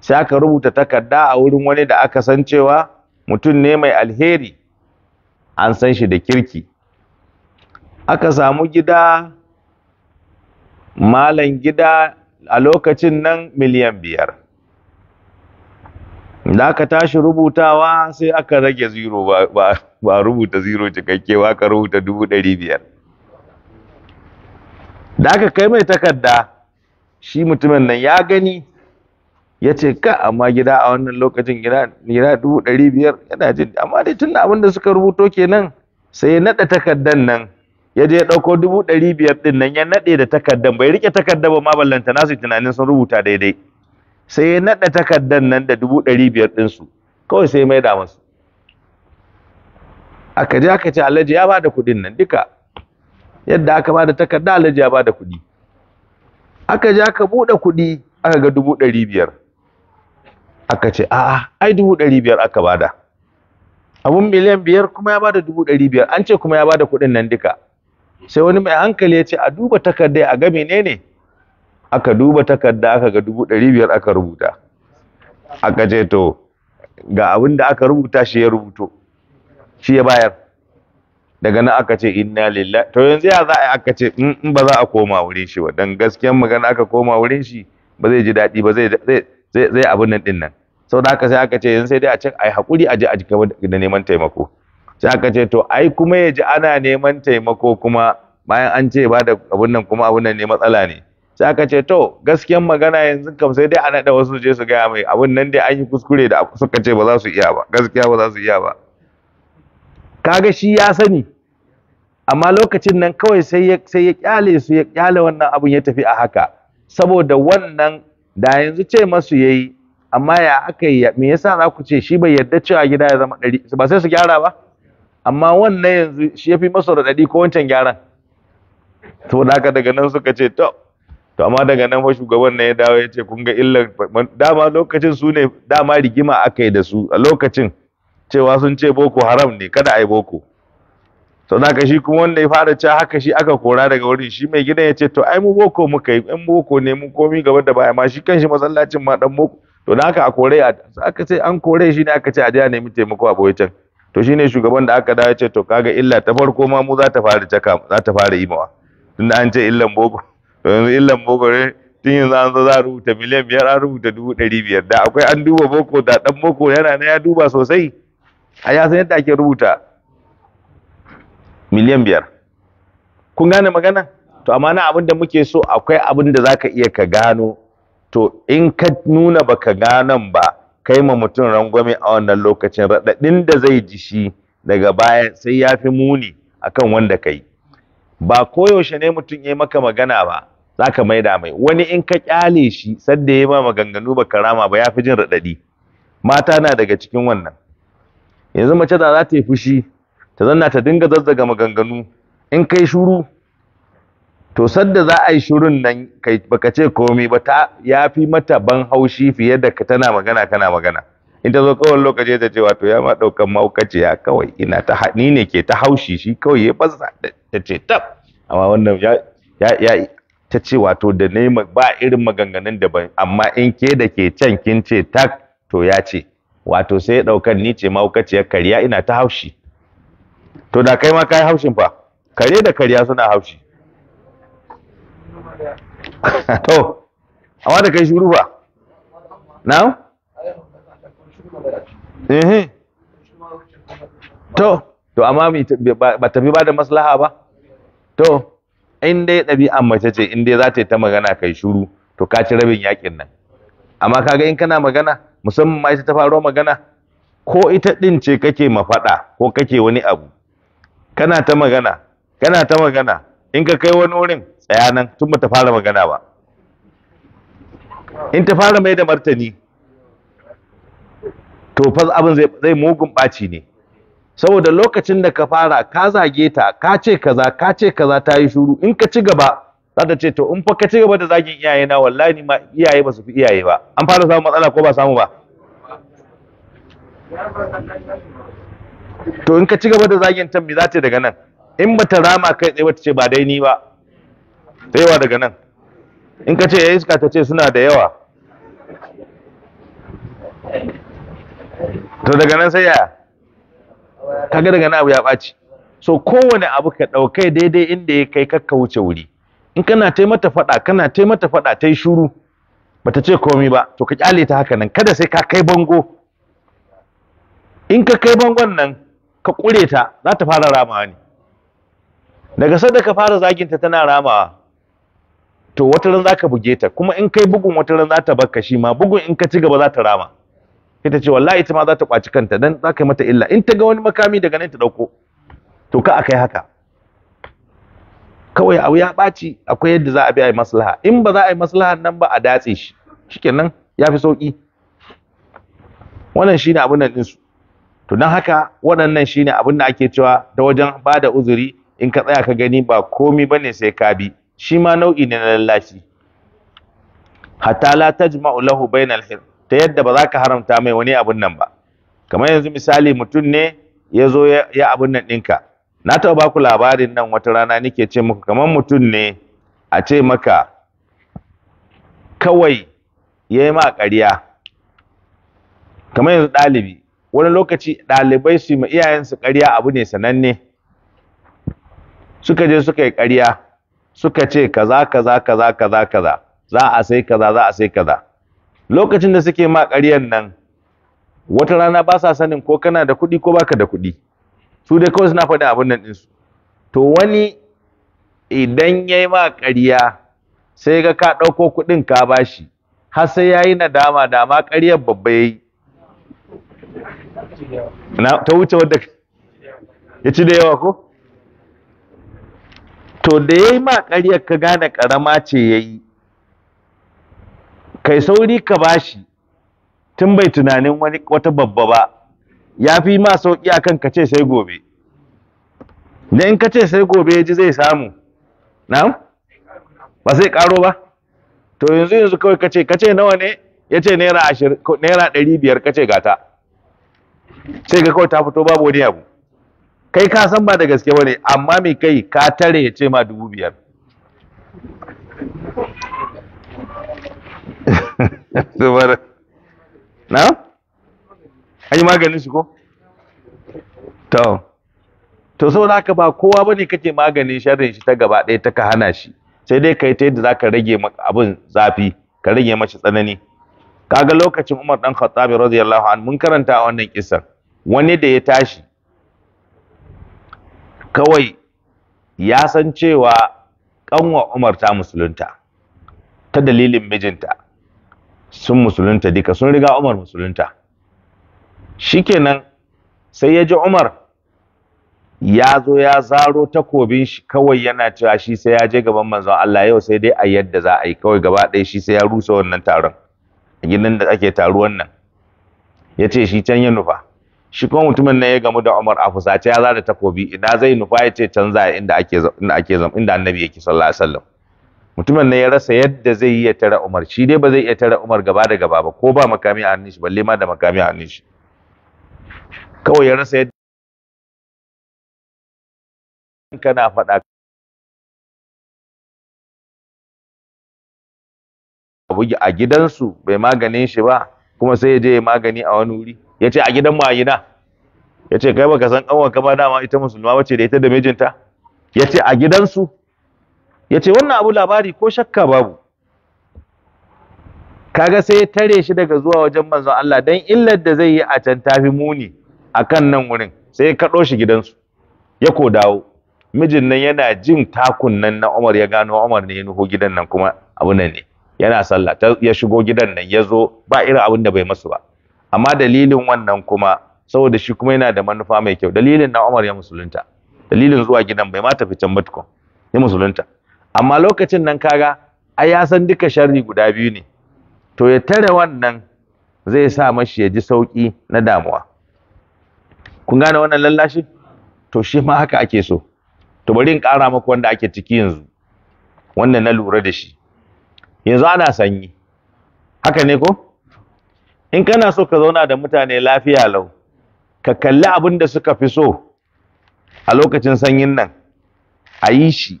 sai aka rubuta takarda a wurin wani da aka san cewa mutum ne mai alheri an san shi da kirki aka samu gida malan gida a lokacin nan miliyan biyar da aka tashi rubutawa sai aka rage ziro ba rubuta ziro cikakke ba aka rubuta dubu ɗari biyar da aka kai mai takarda shi mutumin nan ya gani ya ce ka amma gida a wannan lokacin gida dubu ɗari biyar yana jin amma dai tun abin da suka rubuto kenan sai ya naɗa takardar nan ya je ya ɗauko dubu ɗari biyar ɗin nan ya naɗe da takardar bai riƙe takardar ba ma ballanta su tunanin sun rubuta daidai sai ya naɗa takardar nan da dubu ɗari biyar ɗinsu kawai sai ya maida masu aka je aka ce alhaji ya bada kuɗin nan duka yadda aka bada takarda alhaji ya bada kuɗi aka je aka buɗe kuɗi aka ga dubu ɗari biyar aka ce a'a ai dubu ɗari biyar aka bada abun miliyan biyar kuma ya bada dubu ɗari biyar an ce kuma ya bada kuɗin nan duka sai wani mai hankali ya ce a duba takarda a ga menene aka duba takarda aka ga dubu ɗari biyar aka rubuta aka ce to ga abin da aka rubuta shi ya rubuto shi ya bayar daga nan aka ce inna lillahi to yanzu ya za a aka ce mm, in ba za a koma wurin shi ba dan gaskiyan magana aka koma wurin shi ba zai ji daɗi ba zai zai abin nan din nan sau da haka sai aka ce yanzu sai dai a can ai hakuri a je a gaba da neman taimako sai aka ce to ai kuma ya ji ana neman taimako kuma bayan an ce ba da abun nan kuma abun nan ne matsala ne sai aka ce to gaskiyan magana yanzu kam sai dai a naɗa wasu je su gaya mai abun nan dai an yi kuskure da suka ce ba za su iya ba gaskiya ba za su iya ba kaga shi ya sani amma lokacin nan kawai sai ya sai ya kyale su ya kyale wannan abun ya tafi a haka saboda wannan da yanzu ce masu yayi amma ya aka yi me yasa za ku ce shi bai yarda cewa gida ya zama ɗari ba sai su gyara ba amma wannan yanzu shi ya fi masa ɗari ko wancan gyaran to da haka daga nan suka ce to to amma daga nan fa shugaban ne ya dawo ya ce kun ga illar dama lokacin su ne dama rigima aka yi da su a lokacin cewa sun ce boko haram ne kada a yi boko to da haka shi kuma wanda ya fara cewa haka shi aka kora daga wurin shi mai gidan ya ce to ai mu boko muka yi ɗan boko ne mu komi gaba da baya ma shi kanshi masallacin ma ɗan boko to da haka a kore aka ce an kore shi ne aka ce a je a nemi taimako a boye can to shine shugaban da aka dawo ce to kaga illa ta farko ma mu za ta fara caka za ta fara yi mawa tunda an ce illan bogo to yanzu illan bogo ne tun yanzu an zo za a rubuta miliyan biyar an rubuta dubu ɗari biyar da akwai an duba boko da ɗan boko yana na ya duba sosai a ya san yadda ake rubuta miliyan biyar kun gane magana to amma na abin da muke so akwai abin da zaka iya ka gano to in ka nuna baka ganan ba kai ma mutum rangwame a wannan lokacin raɗaɗin da zai ji shi daga baya sai ya fi muni akan wanda kai ba koyaushe ne mutum ya maka magana ba za ka maida mai wani in ka kyale shi sadda ya ma maganganu ba karama ba ya fi jin raɗaɗi mata na daga cikin wannan yanzu mace da za ta yi fushi ta zanna ta dinga zazzaga maganganu in kai shuru to sadda za a yi shirun nan kai baka ce komai ba ta ya fi mata ban haushi fiye da ka tana magana kana magana in ta zo kawai lokaci ta ce wato ya ma daukan maukaciya kawai ina ta haɗi ne ke ta haushi shi kawai ya baza ta ce tab amma wannan ya ya ta ce wato da ne ba irin maganganun ban amma in ke da ke can kin ce tak to ya ce wato sai ya ɗaukan ni ce mahaukaciyar kariya ina ta haushi to da kai ma kai haushin fa kare da kariya suna haushi to amma da kai shuru ba na? eh to to amma ba tafi ba da maslaha ba to in dai ɗabi'an mace ce in dai za ta yi ta magana kai shuru to ka ci rabin yakin nan amma kaga in kana magana musamman ma ita ta faro magana ko ita ɗin ce kake mafaɗa ko kake wani abu kana ta magana kana ta magana in ka kai wani wurin tsaya nan tun bata fara magana ba in ta fara mai da martani to fa abin zai mugun ɓaci ne saboda lokacin da ka fara ka zage ta ka ce kaza ka ce kaza ta yi shuru in ka ci gaba za ta ce to in fa ka ci gaba da zagin iyaye na wallahi ni ma iyaye ba su fi iyaye ba an fara samun matsala ko ba samu ba to in ka ci gaba da zagin ta me za ta daga nan in ba ta rama kai tsaye ba ta ce ba dai ni ba da yawa daga nan in ka ce ya iska ta ce suna da yawa to daga nan sai yaya kaga daga nan abu ya ɓaci so kowane abu ka ɗaukai daidai inda ya kai kakka wuce wuri in kana ta mata faɗa kana ta mata faɗa ta yi shuru bata ce komi ba to ka kyale ta haka nan kada sai ka kai bango in ka kai bangon nan ka kure ta za ta fara ramawa ne daga sadda ka fara zaginta tana ramawa to wata ran zaka buge ta kuma in kai bugun wata ran za ta shi ma bugun in ka ci gaba za ta rama ita ce wallahi ita ma za ta kwaci kanta dan zaka yi mata illa in ta ga wani makami daga nan ta dauko to ka akai haka kawai abu ya ɓaci akwai yadda za a bi a yi maslaha in ba za a yi maslahan nan ba a datse shi shikenan ya fi sauki wannan shine abin nan ɗinsu to don haka waɗannan shine abin da ake cewa da wajen bada uzuri in ka tsaya ka gani ba komi bane sai ka bi shi ma nau'i ne na lallaci hatta la tajma'u lahu bainal hir ta yadda ba za ka haramta mai wani abun nan ba kamar yanzu misali mutum ne ya zo ya abun nan ɗinka na taɓa baku labarin nan wata rana nake ce muku kamar mutum ne a ce maka kawai ya yi ma ƙarya kamar yanzu ɗalibi wani lokaci ɗalibai su yi ma iyayensu ƙarya abu ne sananne suka je suka yi ƙarya suka ce kaza kaza kaza kaza kaza za a sai kaza za a sai kaza lokacin da suke ma ƙaryan nan wata rana ba sa sanin ko kana da kuɗi ko baka da kuɗi su dai kawai suna faɗin abin nan ɗinsu to wani idan ya yi ma ƙarya sai ga ka ɗauko kuɗin ka bashi har sai ya yi nadama dama ƙaryar babba ya yi ta wuce wadda ya ci da yawa ko to da ya yi ma ƙaryar ka gane ƙarama ce ya yi kai sauri ka bashi tun bai tunanin wani wata babba ba ya fi ma sauƙi akan ka ce sai gobe da in ka ce sai gobe ya ji zai samu na'am ba sai ƙaro ba to yanzu yanzu kawai ka ce ka ce nawa ne ya ce naira ɗari biyar ka ce gata sai ga kawai ta fito babu wani abu kai ka san ba da gaske bane amma mai kai ka tare ya ce ma dubu biyar na an yi maganin shi ko to so saboda ka ba kowa ba ne kake maganin sharin shi ta gaba ɗaya ta ka hana shi sai dai kai ta yadda ka rage abin zafi ka rage mashi tsanani Ka ga lokacin Umar ɗan khattabi radiyallahu an mun karanta wannan kisan wani da ya tashi kawai ya san cewa ƙanwa Umar ta musulunta ta dalilin mijinta sun musulunta duka sun riga Umar musulunta shikenan sai ya ji Umar ya zo ya zaro takobin shi kawai yana cewa shi sai ya je gaban manzon Allah yau sai dai a yadda za a yi kawai gaba ɗaya shi sai ya rusa wannan taron a gidan da ake taruwan nan ya ce shi can ya nufa shi kuma mutumin nan ya gamu da Umar a fusace ya zara takobi ina zai nufa ya ce canza inda ake inda ake inda annabi yake sallallahu alaihi wasallam mutumin nan ya rasa yadda zai yi ya tara Umar shi dai ba zai iya tara Umar gaba da gaba ba ko ba makami a hannun shi balle ma da makami a hannun shi kawai ya rasa yadda kana faɗa a gidansu bai maganin shi ba kuma sai ya je magani a wani wuri ya ce a gidan gida? ya ce kai baka san kanwanka ba dama ita musulma bace da ita da mijinta ya ce a gidansu ya ce wannan abu labari ko shakka babu kaga sai ya tare shi daga zuwa wajen manzon Allah dan illar da zai yi a can tafi muni akan nan wurin sai ya kado shi gidansu ya ko dawo mijin nan yana jin takun nan na Umar ya gano Umar ne ya nuho gidan nan kuma abu nan ne yana sallah ya shigo gidan nan ya zo ba irin abin da bai masu ba amma dalilin wannan kuma saboda shi kuma yana da manufa mai kyau dalilin na Umar ya musulunta dalilin zuwa gidan bai ma tafi can ya musulunta amma lokacin nan kaga ai ya san duka sharri guda biyu ne to ya tare wannan zai sa mashi ya ji sauki na damuwa kun gane wannan lallashi to shi ma haka ake so to bari in ƙara maku wanda ake ciki yanzu Wannan na lura da shi yanzu ana sanyi haka ne ko in kana so ka zauna da mutane lafiya lau ka kalli abin da suka fi so a lokacin sanyin nan a yi shi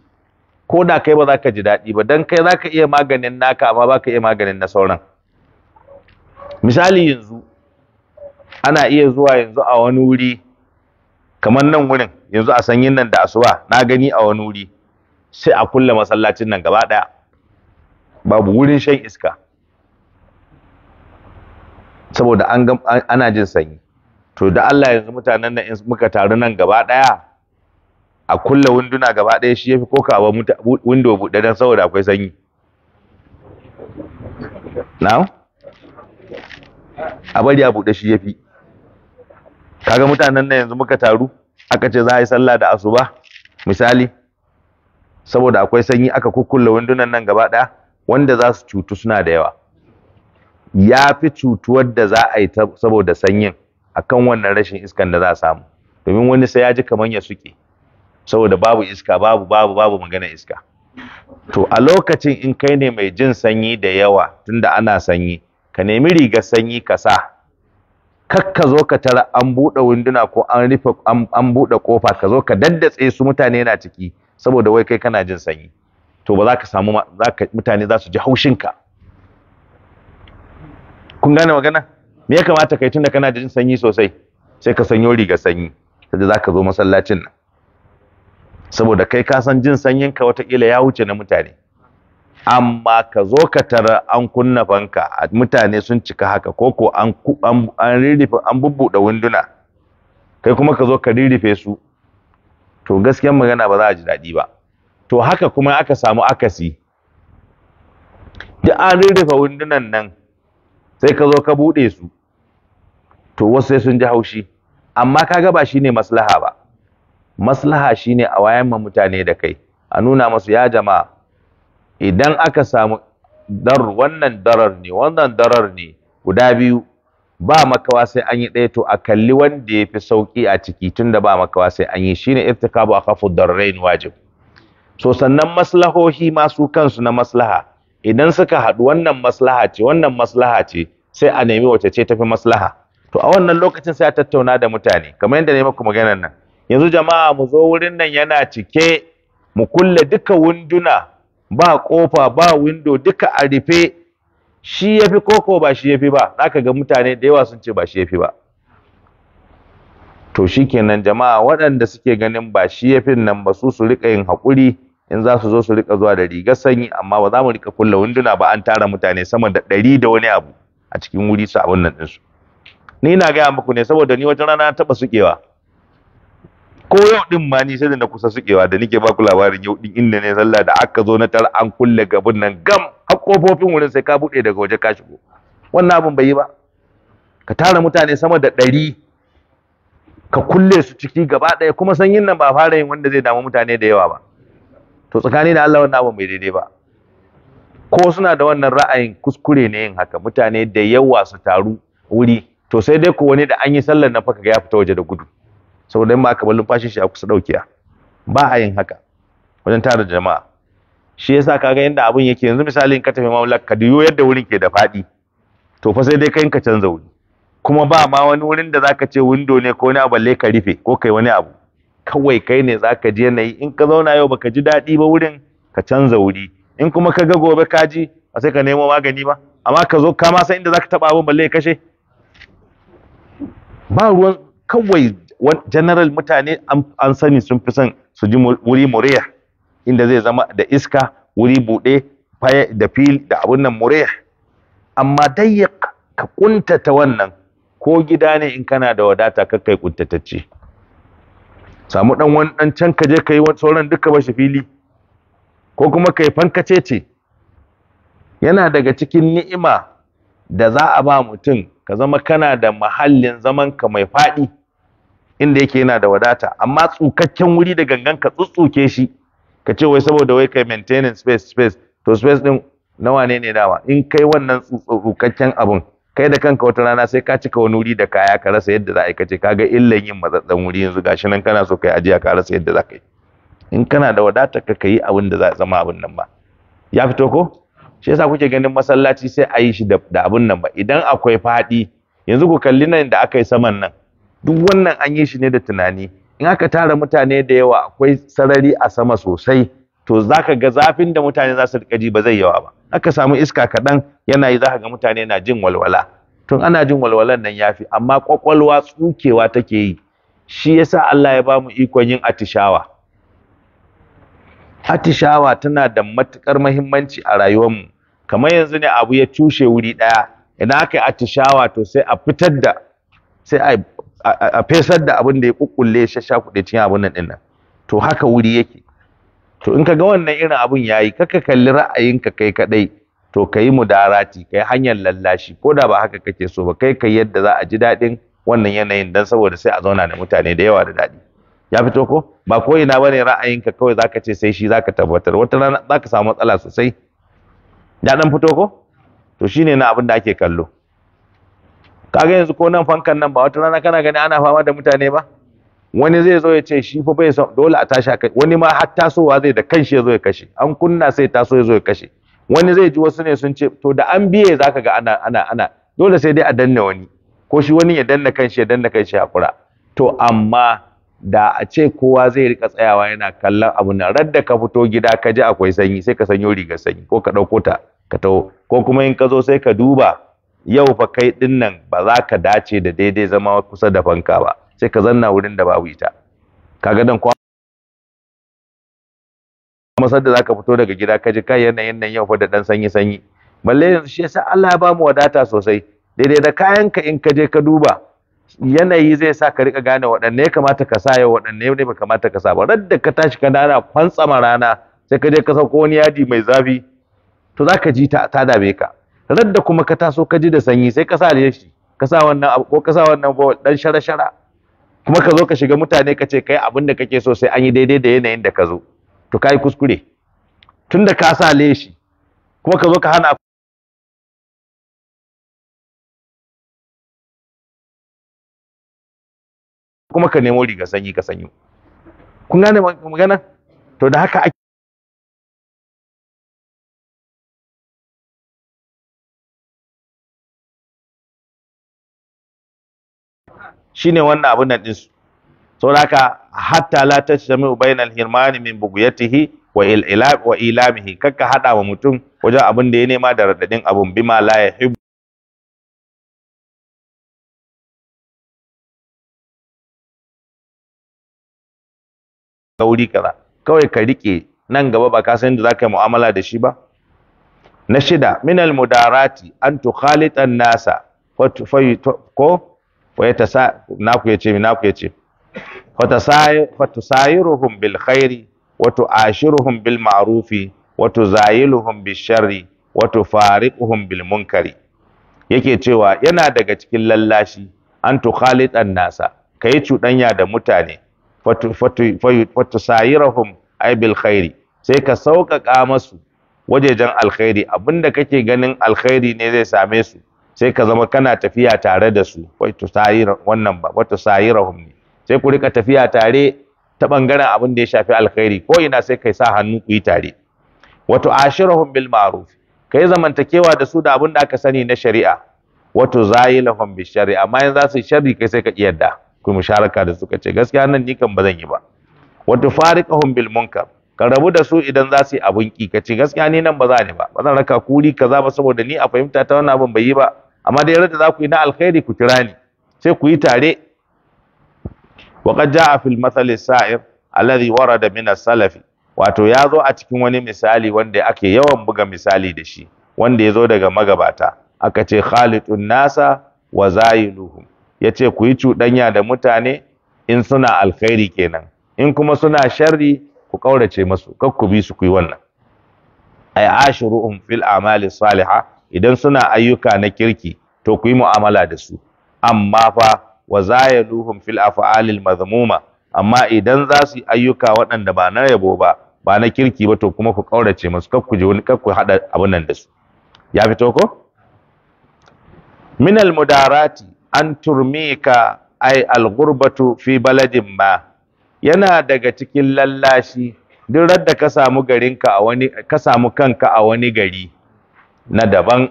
ko da kai ba za ka ji daɗi ba don kai za ka iya maganin naka amma ba ka iya maganin na sauran misali yanzu ana iya zuwa yanzu a wani wuri kamar nan wurin yanzu a sanyin nan da asuba na gani a wani wuri sai a kulle masallacin nan gaba ɗaya babu wurin shan iska saboda an ga ana jin sanyi to da Allah yanzu mutanen nan in muka taru nan gaba daya a kulle winduna gaba daya shi yafi koka kawo window buɗe dan saboda akwai sanyi now a bari a buɗe shi yafi kaga mutanen nan yanzu muka taru aka ce za a yi sallah da asuba misali saboda akwai sanyi aka kukkulla windunan nan gaba daya wanda za su cutu suna da yawa ya fi cutuwar da za a yi saboda sanyin a kan wannan rashin iskan da za a samu domin wani sai ya ji kamar ya suke saboda babu iska babu babu babu magana iska to a lokacin in kai ne mai jin sanyi da yawa tunda ana sanyi ka nemi rigar sanyi ka sa kakka zo ka tara an buɗe winduna ko an rufe an buɗe kofa ka zo ka daddatse su mutane na ciki saboda wai kai kana jin sanyi to ba za ka samu mutane za su ji haushinka kun gane magana me ya kamata kai tunda kana jin sanyi sosai sai ka sanyo riga sanyi sai zaka zo masallacin nan saboda kai ka san jin sanyin ka watakila ya wuce na mutane amma ka zo ka tara an kunna fanka mutane sun cika haka koko an an rirife an bubbuɗe winduna kai kuma ka zo ka rirife su to gaskiyar magana ba za a ji daɗi ba to haka kuma aka samu akasi duk an rirife windunan nan sai ka zo ka buɗe su to wasu sai sun ji haushi amma kaga ba shine maslaha ba maslaha shine a wayan ma mutane da kai a nuna masu ya jama'a idan aka samu dar wannan darar ne wannan darar ne guda biyu ba makawa sai an yi ɗaya to a kalli wanda ya fi sauƙi a ciki tunda ba makawa sai an yi shine irtikabu kafu darrain wajib so sannan maslahohi masu kansu na maslaha idan suka haɗu wannan maslaha ce wannan maslaha ce sai a nemi wace ce tafi maslaha to a wannan lokacin sai a tattauna da mutane kamar yadda ne muku maganar nan yanzu jama'a mu zo wurin nan yana cike mu kulle duka wunduna ba kofa ba window duka a rufe shi yafi koko ba shi yafi ba zaka ga mutane da yawa sun ce ba shi yafi ba to shikenan jama'a waɗanda suke ganin ba shi yafin nan ba su su rika yin haƙuri in za su zo su rika zuwa da rigar sanyi amma ba za mu rika kulla winduna ba an tara mutane sama da ɗari da wani abu a cikin wuri su abin nan ɗinsu ni na gaya muku ne saboda ni wata rana taɓa sukewa ko yau din ma ni sai da na kusa sukewa da nike baku labarin yau din inda ne sallah da aka zo na tar an kulle gabin nan gam har kofofin wurin sai ka buɗe daga waje ka shigo wannan abin bai yi ba ka tara mutane sama da ɗari ka kulle su ciki gaba ɗaya kuma sanyin nan ba fara yin wanda zai damu mutane da yawa ba to tsakani da Allah wannan abu mai daidai ba ko suna da wannan ra'ayin kuskure ne yin haka mutane da yawa su taru wuri to sai dai ko wani da an yi sallar na faka ya fita waje da gudu saboda in ma aka ballon fashin shi a kusa daukiya ba a yin haka wajen tara jama'a shi yasa ka ga yanda abin yake yanzu misali in ka tafi mamlaka ka diyo yadda wurin ke da faɗi to fa sai dai kai ka canza wuri kuma ba ma wani wurin da zaka ce window ne ko wani abu balle ka rufe ko kai wani abu kawai kai ne za ka je na in ka zauna yau baka ji daɗi ba wurin ka canza wuri in kuma ka ga gobe ka ji ba sai ka nemo magani ba amma ka zo ka ma san inda za ka taɓa abin balle ya kashe ba ruwan kawai general mutane an sani sun fi son su ji wuri muriya inda zai zama da iska wuri buɗe da fil da abun nan muriya amma dai ka kuntata wannan ko gida ne in kana da wadata kakkai kuntatacce samu ɗan wani ɗan can ka je ka yi sauran duka ba shi fili ko kuma kai fankace ce yana daga cikin ni'ima da za a ba mutum ka zama kana da mahallin zaman ka mai faɗi inda yake yana da wadata amma tsukakken wuri da gangan ka tsutsuke shi ka ce wai saboda wai kai maintaining space space to space din nawa ne ne dama in kai wannan tsukakken abun kai da kanka wata rana sai ka cika wani wuri da kaya ka rasa yadda za a yi kace kaga illan yin matsatsan wuri yanzu gashi nan kana so kai ajiya ka rasa yadda za ka yi in kana da wadata ka kai abin da za a zama abin nan ba ya fito ko shi yasa kuke ganin masallaci sai a yi shi da abin nan ba idan akwai faɗi yanzu ku kalli nan da aka yi saman nan duk wannan an yi shi ne da tunani in aka tara mutane da yawa akwai sarari a sama sosai to zaka ga zafin da mutane za su riƙa ji ba zai yawa ba aka samu iska kaɗan yana yi za ga mutane na jin walwala tun ana jin walwalan nan ya fi, amma ƙwaƙwalwa tsukewa take yi shi ya sa Allah ya ba mu ikon yin atishawa atishawa tana da matuƙar mahimmanci a rayuwarmu kamar yanzu ne abu ya cushe wuri ɗaya idan aka yi atishawa to sai a fitar da sai a fesar da abin da ya kukkulle shashakuɗe cikin abin nan ɗin nan to haka wuri yake to in kaga wannan irin abun yayi kaka kalli ra'ayinka kai kadai to kai mudarati kai hanyar lallashi ko da ba haka kake so ba kai kai yadda za a ji daɗin wannan yanayin dan saboda sai a zauna da mutane da yawa da daɗi ya fito ko ba ko ina bane ra'ayinka kawai zaka ce sai shi zaka tabbatar wata rana zaka samu matsala sosai ya dan fito ko to shine na abin da ake kallo kaga yanzu ko nan fankan nan ba wata rana kana gani ana fama da mutane ba wani zai zo ya ce shi fa bai son dole a tashi kai wani ma har tasowa zai da kanshi ya zo ya kashe an kunna sai taso ya zo ya kashe wani zai ji wasu ne sun ce to da an biye zaka ga ana ana ana dole sai dai a danna wani ko shi wani ya danna kanshi ya danna kanshi hakura to amma da a ce kowa zai rika tsayawa yana kallon abu nan radda ka fito gida ka ji akwai sanyi sai ka sanyo rigar sanyi ko ka ɗauko ta ka taho ko kuma in ka zo sai ka duba yau fa kai ɗin ba za ka dace da daidai zama kusa da fanka ba sai ka zanna wurin da babu ita kaga dan kwa masar da zaka fito daga gida kaji kai yanayin nan yau fa da dan sanyi sanyi balle yanzu shi yasa Allah ya bamu wadata sosai daidai da kayanka in ka je ka duba yanayi zai sa ka rika gane waɗanne kamata ka sa yau waɗanne ne ba kamata ka sa ba radda ka tashi ka dana kwantsa rana sai ka je ka sauko wani yadi mai zafi to zaka ji ta ta dame ka radda kuma ka taso ka ji da sanyi sai ka sa da shi ka sa wannan ko ka sa wannan dan shara shara kuma ka zo ka shiga mutane ka ce kai abin da kake so sai an yi daidai da yanayin da ka zo to kai kuskure tun da ka sa leshi kuma ka zo ka hana kuma ka nemo riga sanyi ka sanyo kun gane magana to da haka ake. shine wannan abun nan din su saboda haka hatta la tashmi'u bainal hirmani min buguyatihi wa ilab wa ilamihi kakka hada wa mutum wajen abin da ya nema da radadin abun bima la yahibbu sauri kaza kawai ka rike nan gaba ba ka san da zaka yi mu'amala da shi ba na shida minal mudarati an tukhalita nasa ko wa ya tasa naku ya ce mi naku ya ce fatusayiruhum bil khairi wa tu'ashiruhum bil ma'rufi wa tuzayiluhum bil sharri wa tufariquhum bil munkari yake cewa yana daga cikin lallashi an tukhalitan nasa kai cuɗanya da mutane fatusayirahum ay bil khairi sai ka sauƙaƙa masu wajejen alkhairi abinda kake ganin alkhairi ne zai same su sai ka zama kana tafiya tare da su wato sayira wannan ba wato sayirahum ne sai ku rika tafiya tare ta bangaren abin da ya shafi alkhairi ko ina sai kai sa hannu ku yi tare wato ashirahum bil ma'ruf kai zamantakewa da su da abin da aka sani na shari'a wato zayilahum bi shari'a amma yanzu za su yi sharri kai sai ka ki yadda ku musharaka da su ka ce gaskiya nan ni kan ba zan yi ba wato fariqahum bil munkar ka rabu da su idan za su yi abun ki ka ce gaskiya ni nan ba za ni ba ba zan raka kuri kaza ba saboda ni a fahimta ta wannan abin bai yi ba amma dai yadda za ku yi na alkhairi ku kira ni sai ku yi tare wa qad jaa fil mathal sa'ir alladhi warada min as-salafi wato ya zo a cikin wani misali wanda ake yawan buga misali da shi wanda ya zo daga magabata aka ce khalidun nasa wa zayiluhum yace ku yi cuɗanya da mutane in suna alkhairi kenan in kuma suna sharri ku kaurace masu kar bi su ku yi wannan ay ashiruhum fil amali salihah idan suna ayyuka na kirki to ku yi mu'amala da su amma fa wa zayaduhum fil af'alil madhmuma amma idan za su yi ayyuka waɗanda ba na yabo ba ba na kirki ba to kuma ku kaurace musu kar ku je wani kar ku hada abun nan da su ya fito ko min mudarati an turmika ka al ghurbatu fi baladin ma yana daga cikin lallashi duk radda ka samu garinka a wani ka samu kanka a wani gari na daban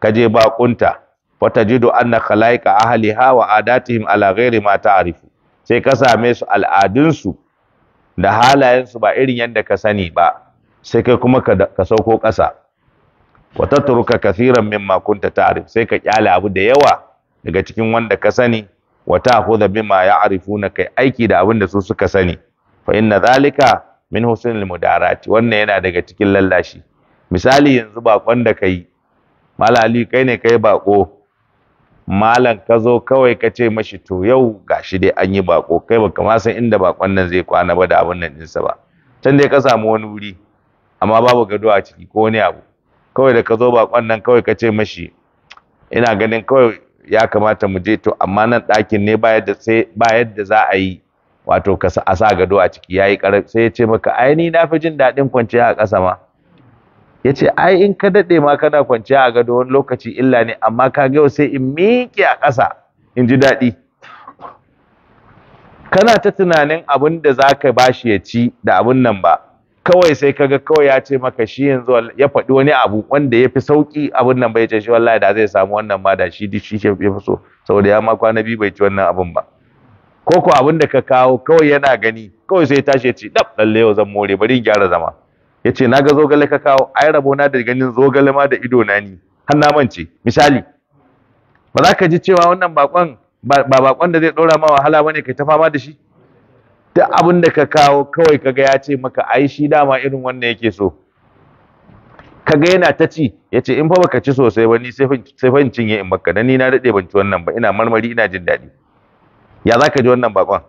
ka je bakunta fatajidu anna khalaika ahali, hawa, adatihim ala ghairi ma ta'rifu sai ka same su al'adunsu da halayensu ba irin yadda ka sani ba sai kai kuma ka sauko ƙasa wa tatruka min mimma kunta ta'rif sai ka kyale abu da yawa daga cikin wanda ka sani wa ta'khudha bima ya'rifuna kai aiki da abin da su suka sani fa inna zalika min husnil mudarati wannan yana daga cikin lallashi misali yanzu bakon da kai yi, ali kai ne kai bako malam ka zo kawai ka ce mashi to yau gashi dai an yi bako kai baka ma san inda bakon nan zai kwana ba da abin nan ɗinsa ba can dai ka samu wani wuri amma babu gado a ciki ko wani abu kawai da ka zo bakon nan kawai ka ce mashi ina ganin kawai ya kamata mu je to amma nan ɗakin ne ba yadda sai ba yadda za a yi wato ka sa gado a ciki yayi karar sai ya ce maka ai ni na fi jin daɗin kwanciya a ƙasa ma ya ce ai in ka daɗe ma kana kwanciya a gado wani lokaci illa ne amma ka gawo sai in miƙe a ƙasa in ji daɗi kana ta tunanin abin da za ka ba shi ya ci da abin nan ba kawai sai ka ga kawai ya ce maka shi yanzu ya faɗi wani abu wanda ya fi sauƙi abin nan bai ce shi wallahi da zai samu wannan ma da shi shi ya fi so saboda ya ma kwana biyu bai ci wannan abin ba ko abin da ka kawo kawai yana gani kawai sai ya tashi ya ce dab Ɗan yau zan more bari gyara zama ya ce na ga zogale ka kawo ai rabo na da ganin zogale ma da ido na ni har na mance misali ba za ka ji cewa wannan bakon ba bakon da zai ɗora ma wahala bane kai ta fama da shi duk abin da ka kawo kawai kaga ya ce maka ai shi dama irin wannan yake so kaga yana ta ci ya ce in fa baka ci sosai ba ni sai fa in cinye in baka dan ni na dade ban ci wannan ba ina marmari ina jin daɗi ya za ka ji wannan bakon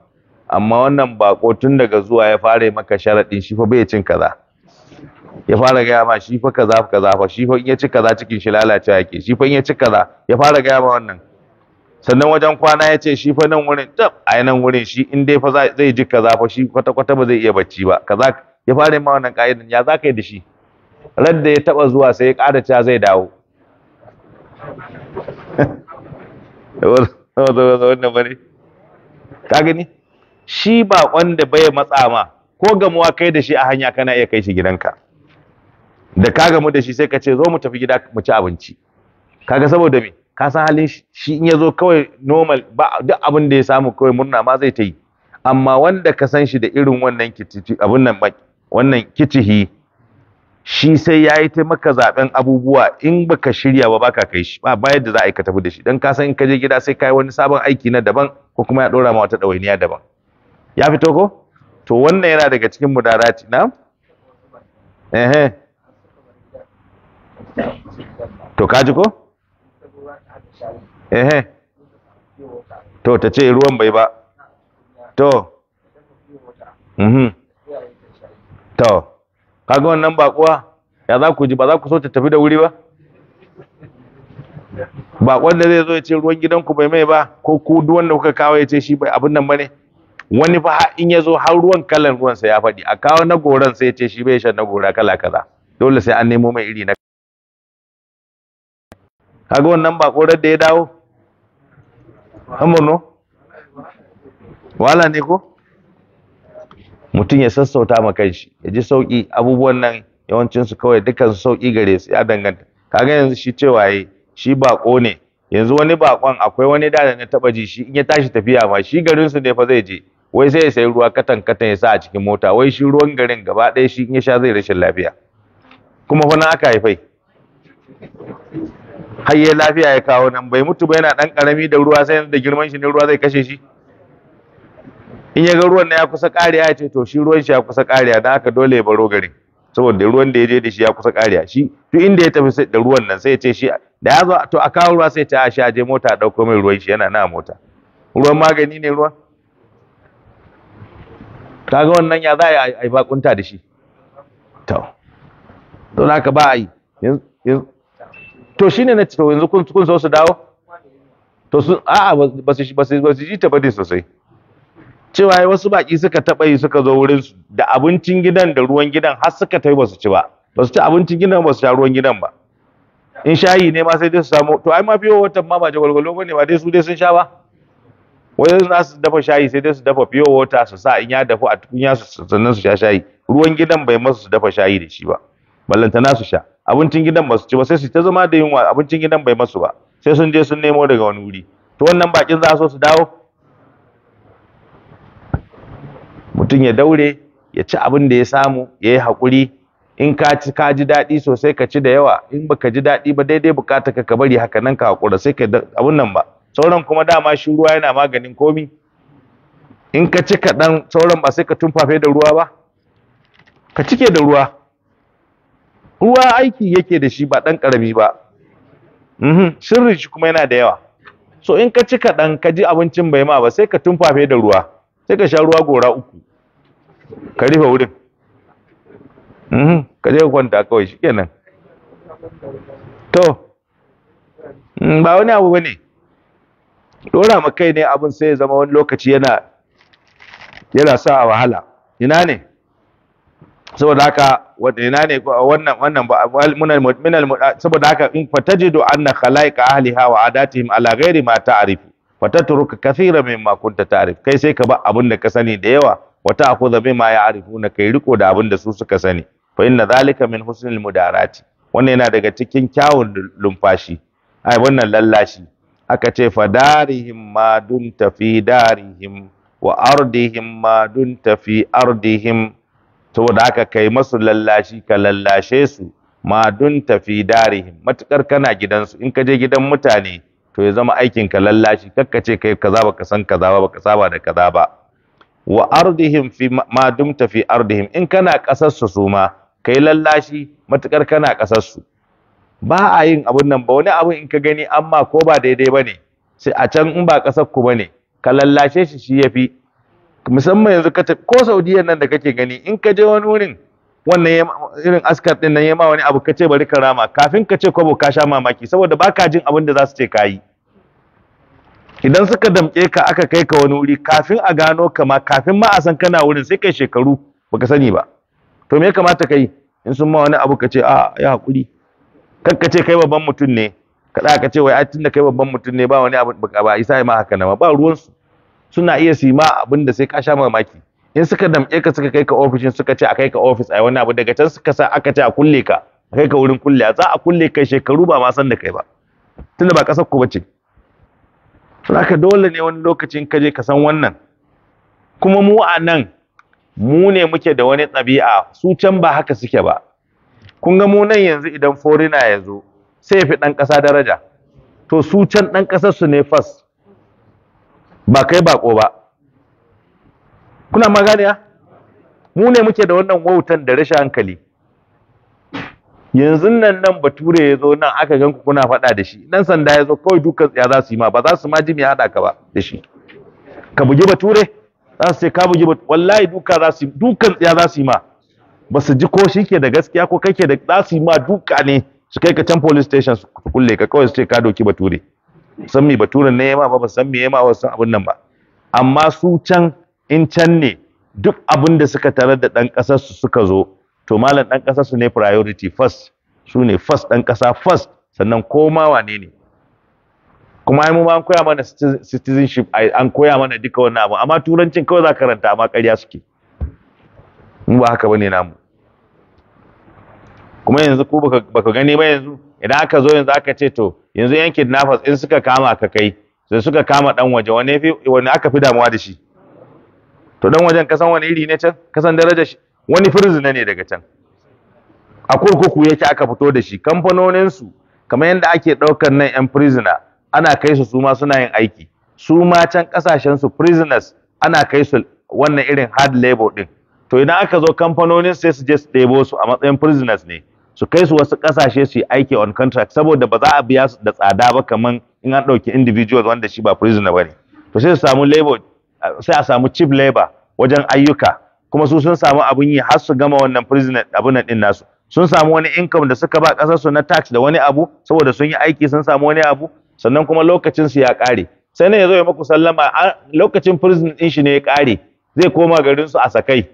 amma wannan bako tun daga zuwa ya fara maka sharaɗin shi fa bai cin kaza ya fara gaya ma shi fa kaza kaza fa shi fa in ya ci kaza cikin shi lalace yake shi fa in ya ci kaza ya fara gaya ma wannan sannan wajen kwana ya ce shi fa nan wurin tab a nan wurin shi in dai fa zai ji kaza fa shi kwata kwata ba zai iya bacci ba kaza ya fara ma wannan ka'idan ya zaka yi da shi radda ya taba zuwa sai ya kada cewa zai dawo wannan bane ka gani shi ba wanda bai matsa ma ko gamuwa kai da shi a hanya kana iya kai shi gidanka da ka gamu da shi sai ka ce zo mu tafi gida mu ci abinci kaga saboda me ka san halin shi in ya zo kawai normal ba duk abin da ya samu kawai murna ma zai ta yi amma wanda ka san shi da irin wannan abin nan wannan kicihi shi sai ya yi ta maka zaben abubuwa in baka shirya ba baka kai shi ba bayan da za a yi ka tafi da shi dan ka san in ka je gida sai ka yi wani sabon aiki na daban ko kuma ya ɗora ma wata ɗawainiya daban ya fito ko to wannan yana daga cikin mudarati na eh to kaji ko ehe to ta ce ruwan bai ba to mhm to kaga wannan bakuwa ya za ku ji ba za ku so ta tafi da wuri ba bakon da zai zo ya ce ruwan gidanku bai mai ba ko ku duk wanda kuka kawo ya ce shi bai abin nan bane wani fa in ya zo har ruwan kalan ruwansa ya faɗi a kawo na goran sai ya ce shi bai shan na gora kala kaza dole sai an nemo mai iri na kaga wannan ba korar da ya dawo amurno wala ne ko mutum ya sassauta ma kanshi ya ji sauki abubuwan nan yawancinsu kawai dukan sauki gare su ya danganta kaga yanzu shi cewa waye shi bako ne yanzu wani bakon akwai wani da na taba ji shi in ya tashi tafiya ma shi garinsu ne fa zai je wai sai ya sayi ruwa katan katan ya sa a cikin mota wai shi ruwan garin gaba ɗaya shi in ya sha zai rashin lafiya kuma fa na aka haifai har lafiya ya kawo nan bai mutu ba yana dan karami da ruwa sai da girman shi ne ruwa zai kashe shi in ya ga ruwan na ya kusa kariya ya ce to shi ruwan shi ya kusa kariya dan haka dole ya baro garin saboda ruwan da ya je da shi ya kusa kariya shi to inda ya tafi da ruwan nan sai ya ce shi da ya zo to a kawo ruwa sai ta a sha je mota a dauko mai ruwan shi yana na mota ruwan magani ne ruwa kaga wannan ya za a yi bakunta da shi to don haka ba a yi to shine na ce yanzu kun kun so su dawo to sun a'a ba su ba su ji ta sosai cewa ai wasu baki suka taba yi suka zo wurin su da abincin gidan da ruwan gidan har suka tafi ba su ci ba ba su ci abincin gidan ba su sha ruwan gidan ba in shayi ne ma sai dai su samu to ai ma fiyo watan ma ba jagwalgwalo ba ne ba dai su dai sun sha ba wai za su dafa shayi sai dai su dafa fiyo wata su sa in ya dafu a tukunya su sannan su sha shayi ruwan gidan bai masu su dafa shayi da shi ba ballantana su sha abincin gidan ba su ci ba sai su ta zama da yunwa abincin gidan bai masu ba sai sun je sun nemo daga wani wuri to wannan bakin za so su dawo mutum ya daure ya ci abin da ya samu ya yi haƙuri in ka ci ka ji daɗi sosai ka ci da yawa in baka ji daɗi ba daidai bukata ka ka bari haka nan ka haƙura sai ka abin nan ba sauran kuma dama shi ruwa yana maganin komi in ka ci kaɗan sauran ba sai ka tumfafe da ruwa ba ka cike da ruwa ruwa aiki yake da shi ba ɗan ƙarami ba mhm, sirri shi kuma yana da yawa so in ka ci kaɗan ka ji abincin bai ma ba sai ka tumfafe da ruwa sai ka sha ruwa gora uku ka rufe wurin mhm, ka je ka kwanta kawai shi kenan to mm, ba wani abu ba ne ɗora ma kai ne abin sai ya zama wani lokaci yana yana sa a wahala ina ne saboda haka wadina ne wannan wannan minal minal saboda haka in fatajidu anna khalaiqa ahliha wa adatihim ala ghairi ma ta'rif fatatruka kathira mimma kunta ta'rif kai sai ka ba abin da ka sani da yawa wa ta'khudha bima ya'rifuna kai riko da abin da su suka sani fa inna zalika min husnil mudarati wannan yana daga cikin kyawun lumfashi ai wannan lallashi aka ce fadarihim ma dunta fi darihim wa ardihim ma dunta fi ardihim saboda haka kai masu lallashi ka lallashe su ma dun tafi darihim matukar kana gidansu in ka je gidan mutane to ya zama aikin ka lallashi kakka ce kai kaza baka san kaza ba baka saba da kaza ba wa ardihim fi ma dun tafi ardihim in kana kasar su suma kai lallashi matukar kana kasar su ba a yin abun nan ba wani abu in ka gani amma ko ba daidai bane sai a can in ba kasar ku bane ka lallashe shi shi yafi musamman yanzu ka tafi ko saudiya nan da kake gani in ka je wani wurin wannan irin askar din nan ya ma wani abu ka ce bari ka rama kafin ka ce kwabo ka sha mamaki saboda baka jin abin da za su ce ka yi idan suka damƙe ka aka kai ka wani wuri kafin a gano ka ma kafin ma a san kana wurin sai kai shekaru baka sani ba to me ya kamata ka yi in sun ma wani abu ka ce a ya hakuri kar ka ce kai babban mutum ne kada ka ce wai ai tunda kai babban mutum ne ba wani abu ba isa ma haka na ba ruwansu suna iya su ma abin da sai ka sha mamaki in suka damƙe ka suka kai ka ofishin suka ce a kai ka ofis a wani abu daga can suka sa aka ce a kulle ka a kai ka wurin kulle a za a kulle kai shekaru ba ma san da kai ba tunda ba ƙasar ku bace don haka dole ne wani lokacin ka je ka san wannan kuma mu a nan mu ne muke da wani ɗabi'a su can ba haka suke ba kun ga mu nan yanzu idan forina ya zo sai ya fi ɗan ƙasa daraja to su can ɗan ƙasarsu su ne fas ba kai bako ba kuna maganiya mu ne muke da wannan wautan da rashin hankali yanzu nan nan bature ya zo nan aka ganku kuna faɗa da shi dan sanda ya zo kawai dukkan tsaya za su yi ma ba za su ma ji me haɗa ka ba da shi ka bugi bature za su ce ka bugi bature wallahi duka za su dukan tsaya za su yi ma ba su ji ko shi ke da gaskiya ko kake da za su yi ma duka ne su kai ka can police station su kulle ka kawai su ce ka doki bature san me baturen ne ma ba ba san me ma ba san abin nan ba amma su can in can ne duk abin da suka tarar da dan kasar su suka zo to malam dan kasar su ne priority first su ne first dan kasa first sannan koma wane ne kuma ai mu ma an koya mana citizenship an koya mana duka wannan abu amma turancin kawai za karanta amma ƙarya suke mu ba haka bane namu kuma yanzu ko baka gani ba yanzu idan aka zo yanzu aka ce to yanzu yan kidnappers in suka kama ka kai sai suka kama dan waje wani fi wani aka fi damuwa da shi to dan wajen kasan wani iri ne can kasan darajar shi wani firzina ne daga can a kurkuku yake aka fito da shi kamfanonin su kamar yadda ake daukar nan yan prisoner ana kai su su ma suna yin aiki su ma can kasashen su prisoners ana kai su wannan irin hard labor din to idan aka zo kamfanonin sai su je su debo su a matsayin prisoners ne su kai su wasu kasashe su yi aiki on contract saboda ba za a biya su da tsada ba kaman in an ɗauki individual wanda shi ba prisoner ba ne to sai su samu labor sai a samu cheap labor wajen ayyuka kuma su sun samu abun yi har su gama wannan prisoner abun din nasu sun samu wani income da suka ba kasar su na tax da wani abu saboda sun yi aiki sun samu wani abu sannan kuma lokacin su ya kare sai ne ya zo ya maku sallama lokacin prison din shi ne ya kare zai koma garin su a sakai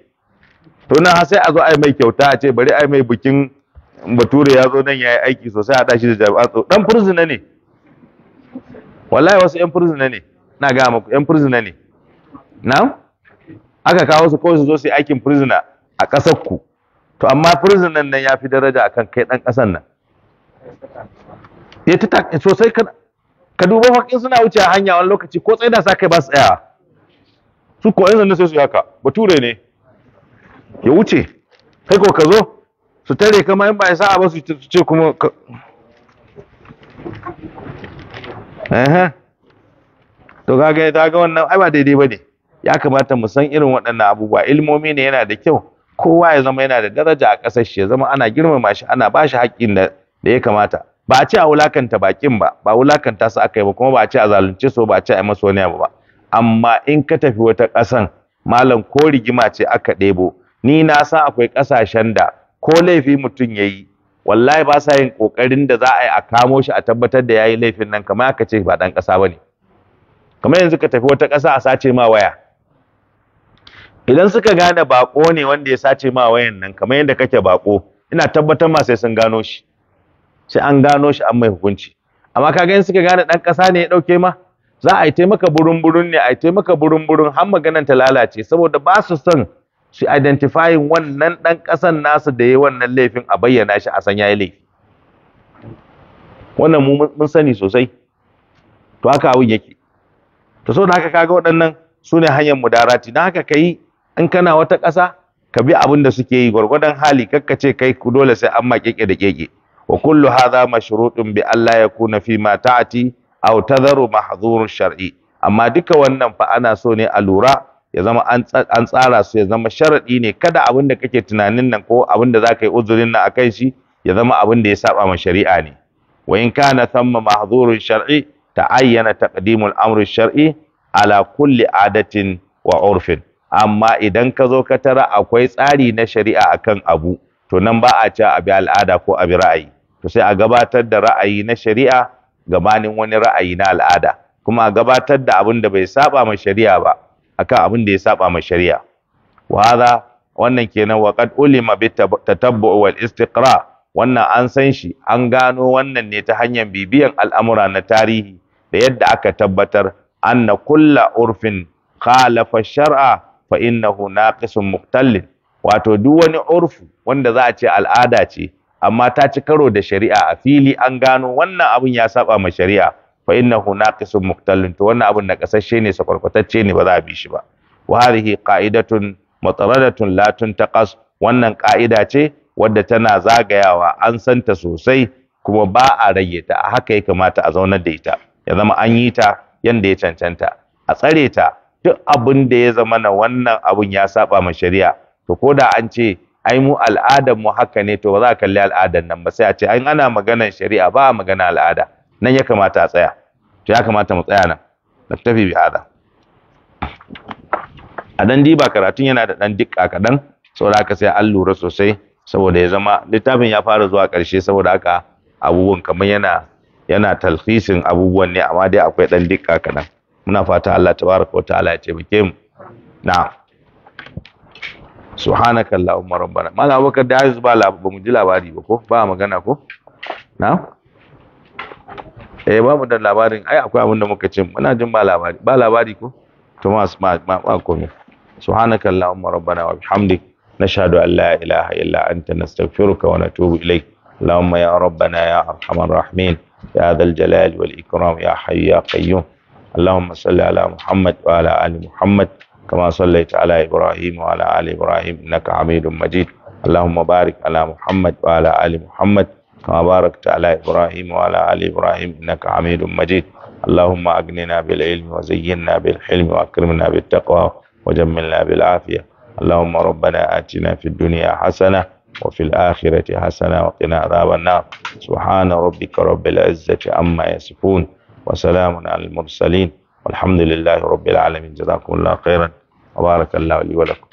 to nan sai a zo ai mai kyauta a ce bari ai mai bukin. bature ya zo nan ya yi aiki sosai a ɗashi da jami'an Ɗan dan furzina ne wallahi wasu yan furzina ne na ga maku, yan furzina ne na aka kawo su kawai su zo su yi aikin furzina a ƙasar ku to amma furzinan nan ya fi daraja akan kai ɗan ƙasan nan ya ta sosai kan ka duba fakin suna wuce a hanya wani lokaci ko tsaye da sa kai ba su tsaya su ko yan zanne sai su yaka bature ne ya wuce kai ko ka zo su tare kama in ba ya sa'a ba su ce kuma ka. to kaga ta ga wannan ai ba daidai ba ne ya kamata mu san irin waɗannan abubuwa ilmomi ne yana da kyau kowa ya zama yana da daraja a ƙasar shi ya zama ana girmama shi ana ba shi haƙƙin da ya kamata ba a ce a wulakanta baƙin ba ba wulakanta su aka yi ba kuma ba a ce a zalunce su ba a ce a yi masu wani ba amma in ka tafi wata ƙasan malam ko rigima ce aka ɗebo ni na sa akwai ƙasashen da ko laifi mutum ya yi wallahi ba sa yin kokarin da za a yi a kamo shi a tabbatar da ya yi laifin nan kamar aka ce ba ɗan ƙasa ba ne kamar yanzu ka tafi wata ƙasa a sace ma waya idan suka gane baƙo ne wanda ya sace ma wayan nan kamar yadda kake baƙo ina tabbatar ma sai sun gano shi sai an gano shi an mai hukunci amma ga in suka gane ɗan ƙasa ne ya ɗauke ma za a yi taimaka burun burun ne a yi taimaka burun burun har maganan ta lalace saboda ba su son su identify wannan ɗan ƙasan nasu da ya wannan laifin a bayyana shi a san ya laifi wannan mun sani sosai to haka abin yake to so da haka kaga waɗannan su ne hanyar mudarati na haka ka yi in kana wata ƙasa ka bi abin da suke yi gwargwadon hali kakka ce kai dole sai an ma keke da keke wa kullu hadha mashrutun bi Allah yakuna fi ma ta'ati aw tadharu mahdhurush shar'i amma duka wannan fa ana so ne a lura ya zama an tsara su ya zama sharaɗi ne kada abin da kake tunanin nan ko abin da za yi uzurin nan akan shi ya zama abin da ya saba ma shari'a ne wa in kana thamma mahdhurun shar'i ayyana taqdimul amri shar'i ala kulli adatin wa urfin amma idan ka zo ka tara akwai tsari na shari'a akan abu to nan ba a ci a bi al'ada ko a bi ra'ayi to sai a gabatar da ra'ayi na shari'a gabanin wani ra'ayi na al'ada kuma a gabatar da abin da bai saba ma shari'a ba akan abin da ya saba ma shari'a wa hadha wannan kenan wa qad ulima bi tatabbu wal istiqra wannan an san shi an gano wannan ne ta hanyar bibiyan al'amura na tarihi da yadda aka tabbatar anna kulla urfin khalafa shar'a fa innahu naqisun muqtallin wato duk wani urfu wanda za a ce al'ada ce amma ta ci karo da shari'a a fili an gano wannan abin ya saba ma shari'a fa innahu naqisun muktallin to wannan abun nakasashe ne sakwarkwatacce ne ba za a bi shi ba wa hadhihi qa'idatun mataradatun la tuntaqas wannan ka'ida ce wadda tana zagayawa an santa sosai kuma ba a rage ta a haka ya kamata a zaunar da ita ya zama an yi ta yanda ya cancanta a tsare ta duk abin da ya zama na wannan abun ya saba ma shari'a to ko da an ce ai mu al'adar mu haka ne to ba za a kalli al'adar nan ba sai a ce an ana maganar shari'a ba a magana al'ada nan ya kamata a tsaya to ya kamata mu tsaya nan naktafi bi hada a dan diba karatun yana da dan dikka kadan saboda haka sai an lura sosai saboda ya zama littafin ya fara zuwa karshe saboda haka abubuwan kamar yana yana talhisin abubuwan ne amma dai akwai dan dikka kadan muna fata Allah tabaraka wa ta'ala ya taimake mu na'am subhanakallahumma rabbana mala abubakar da ayyuz ba ba mu ji labari ba ko ba magana ko na'am eh ba mu da labarin ai akwai abin da muka ce muna jin ba labari ba labari ko to ma ma ma komai subhanaka allahumma rabbana wa bihamdik nashhadu an la ilaha illa anta nastaghfiruka wa natubu ilayk اللهم يا ربنا يا ارحم الراحمين يا ذا الجلال والاكرام يا حي يا قيوم اللهم صل على محمد وعلى ال محمد كما صليت على ابراهيم وعلى Ali ابراهيم انك حميد مجيد اللهم بارك على محمد وعلى ال محمد كما باركت على إبراهيم وعلى آل إبراهيم إنك حميد مجيد اللهم أغننا بالعلم وزينا بالحلم وأكرمنا بالتقوى وجملنا بالعافية اللهم ربنا آتنا في الدنيا حسنة وفي الآخرة حسنة وقنا عذاب النار سبحان ربك رب العزة عما يصفون وسلام على المرسلين والحمد لله رب العالمين جزاكم الله خيرا وبارك الله لي ولكم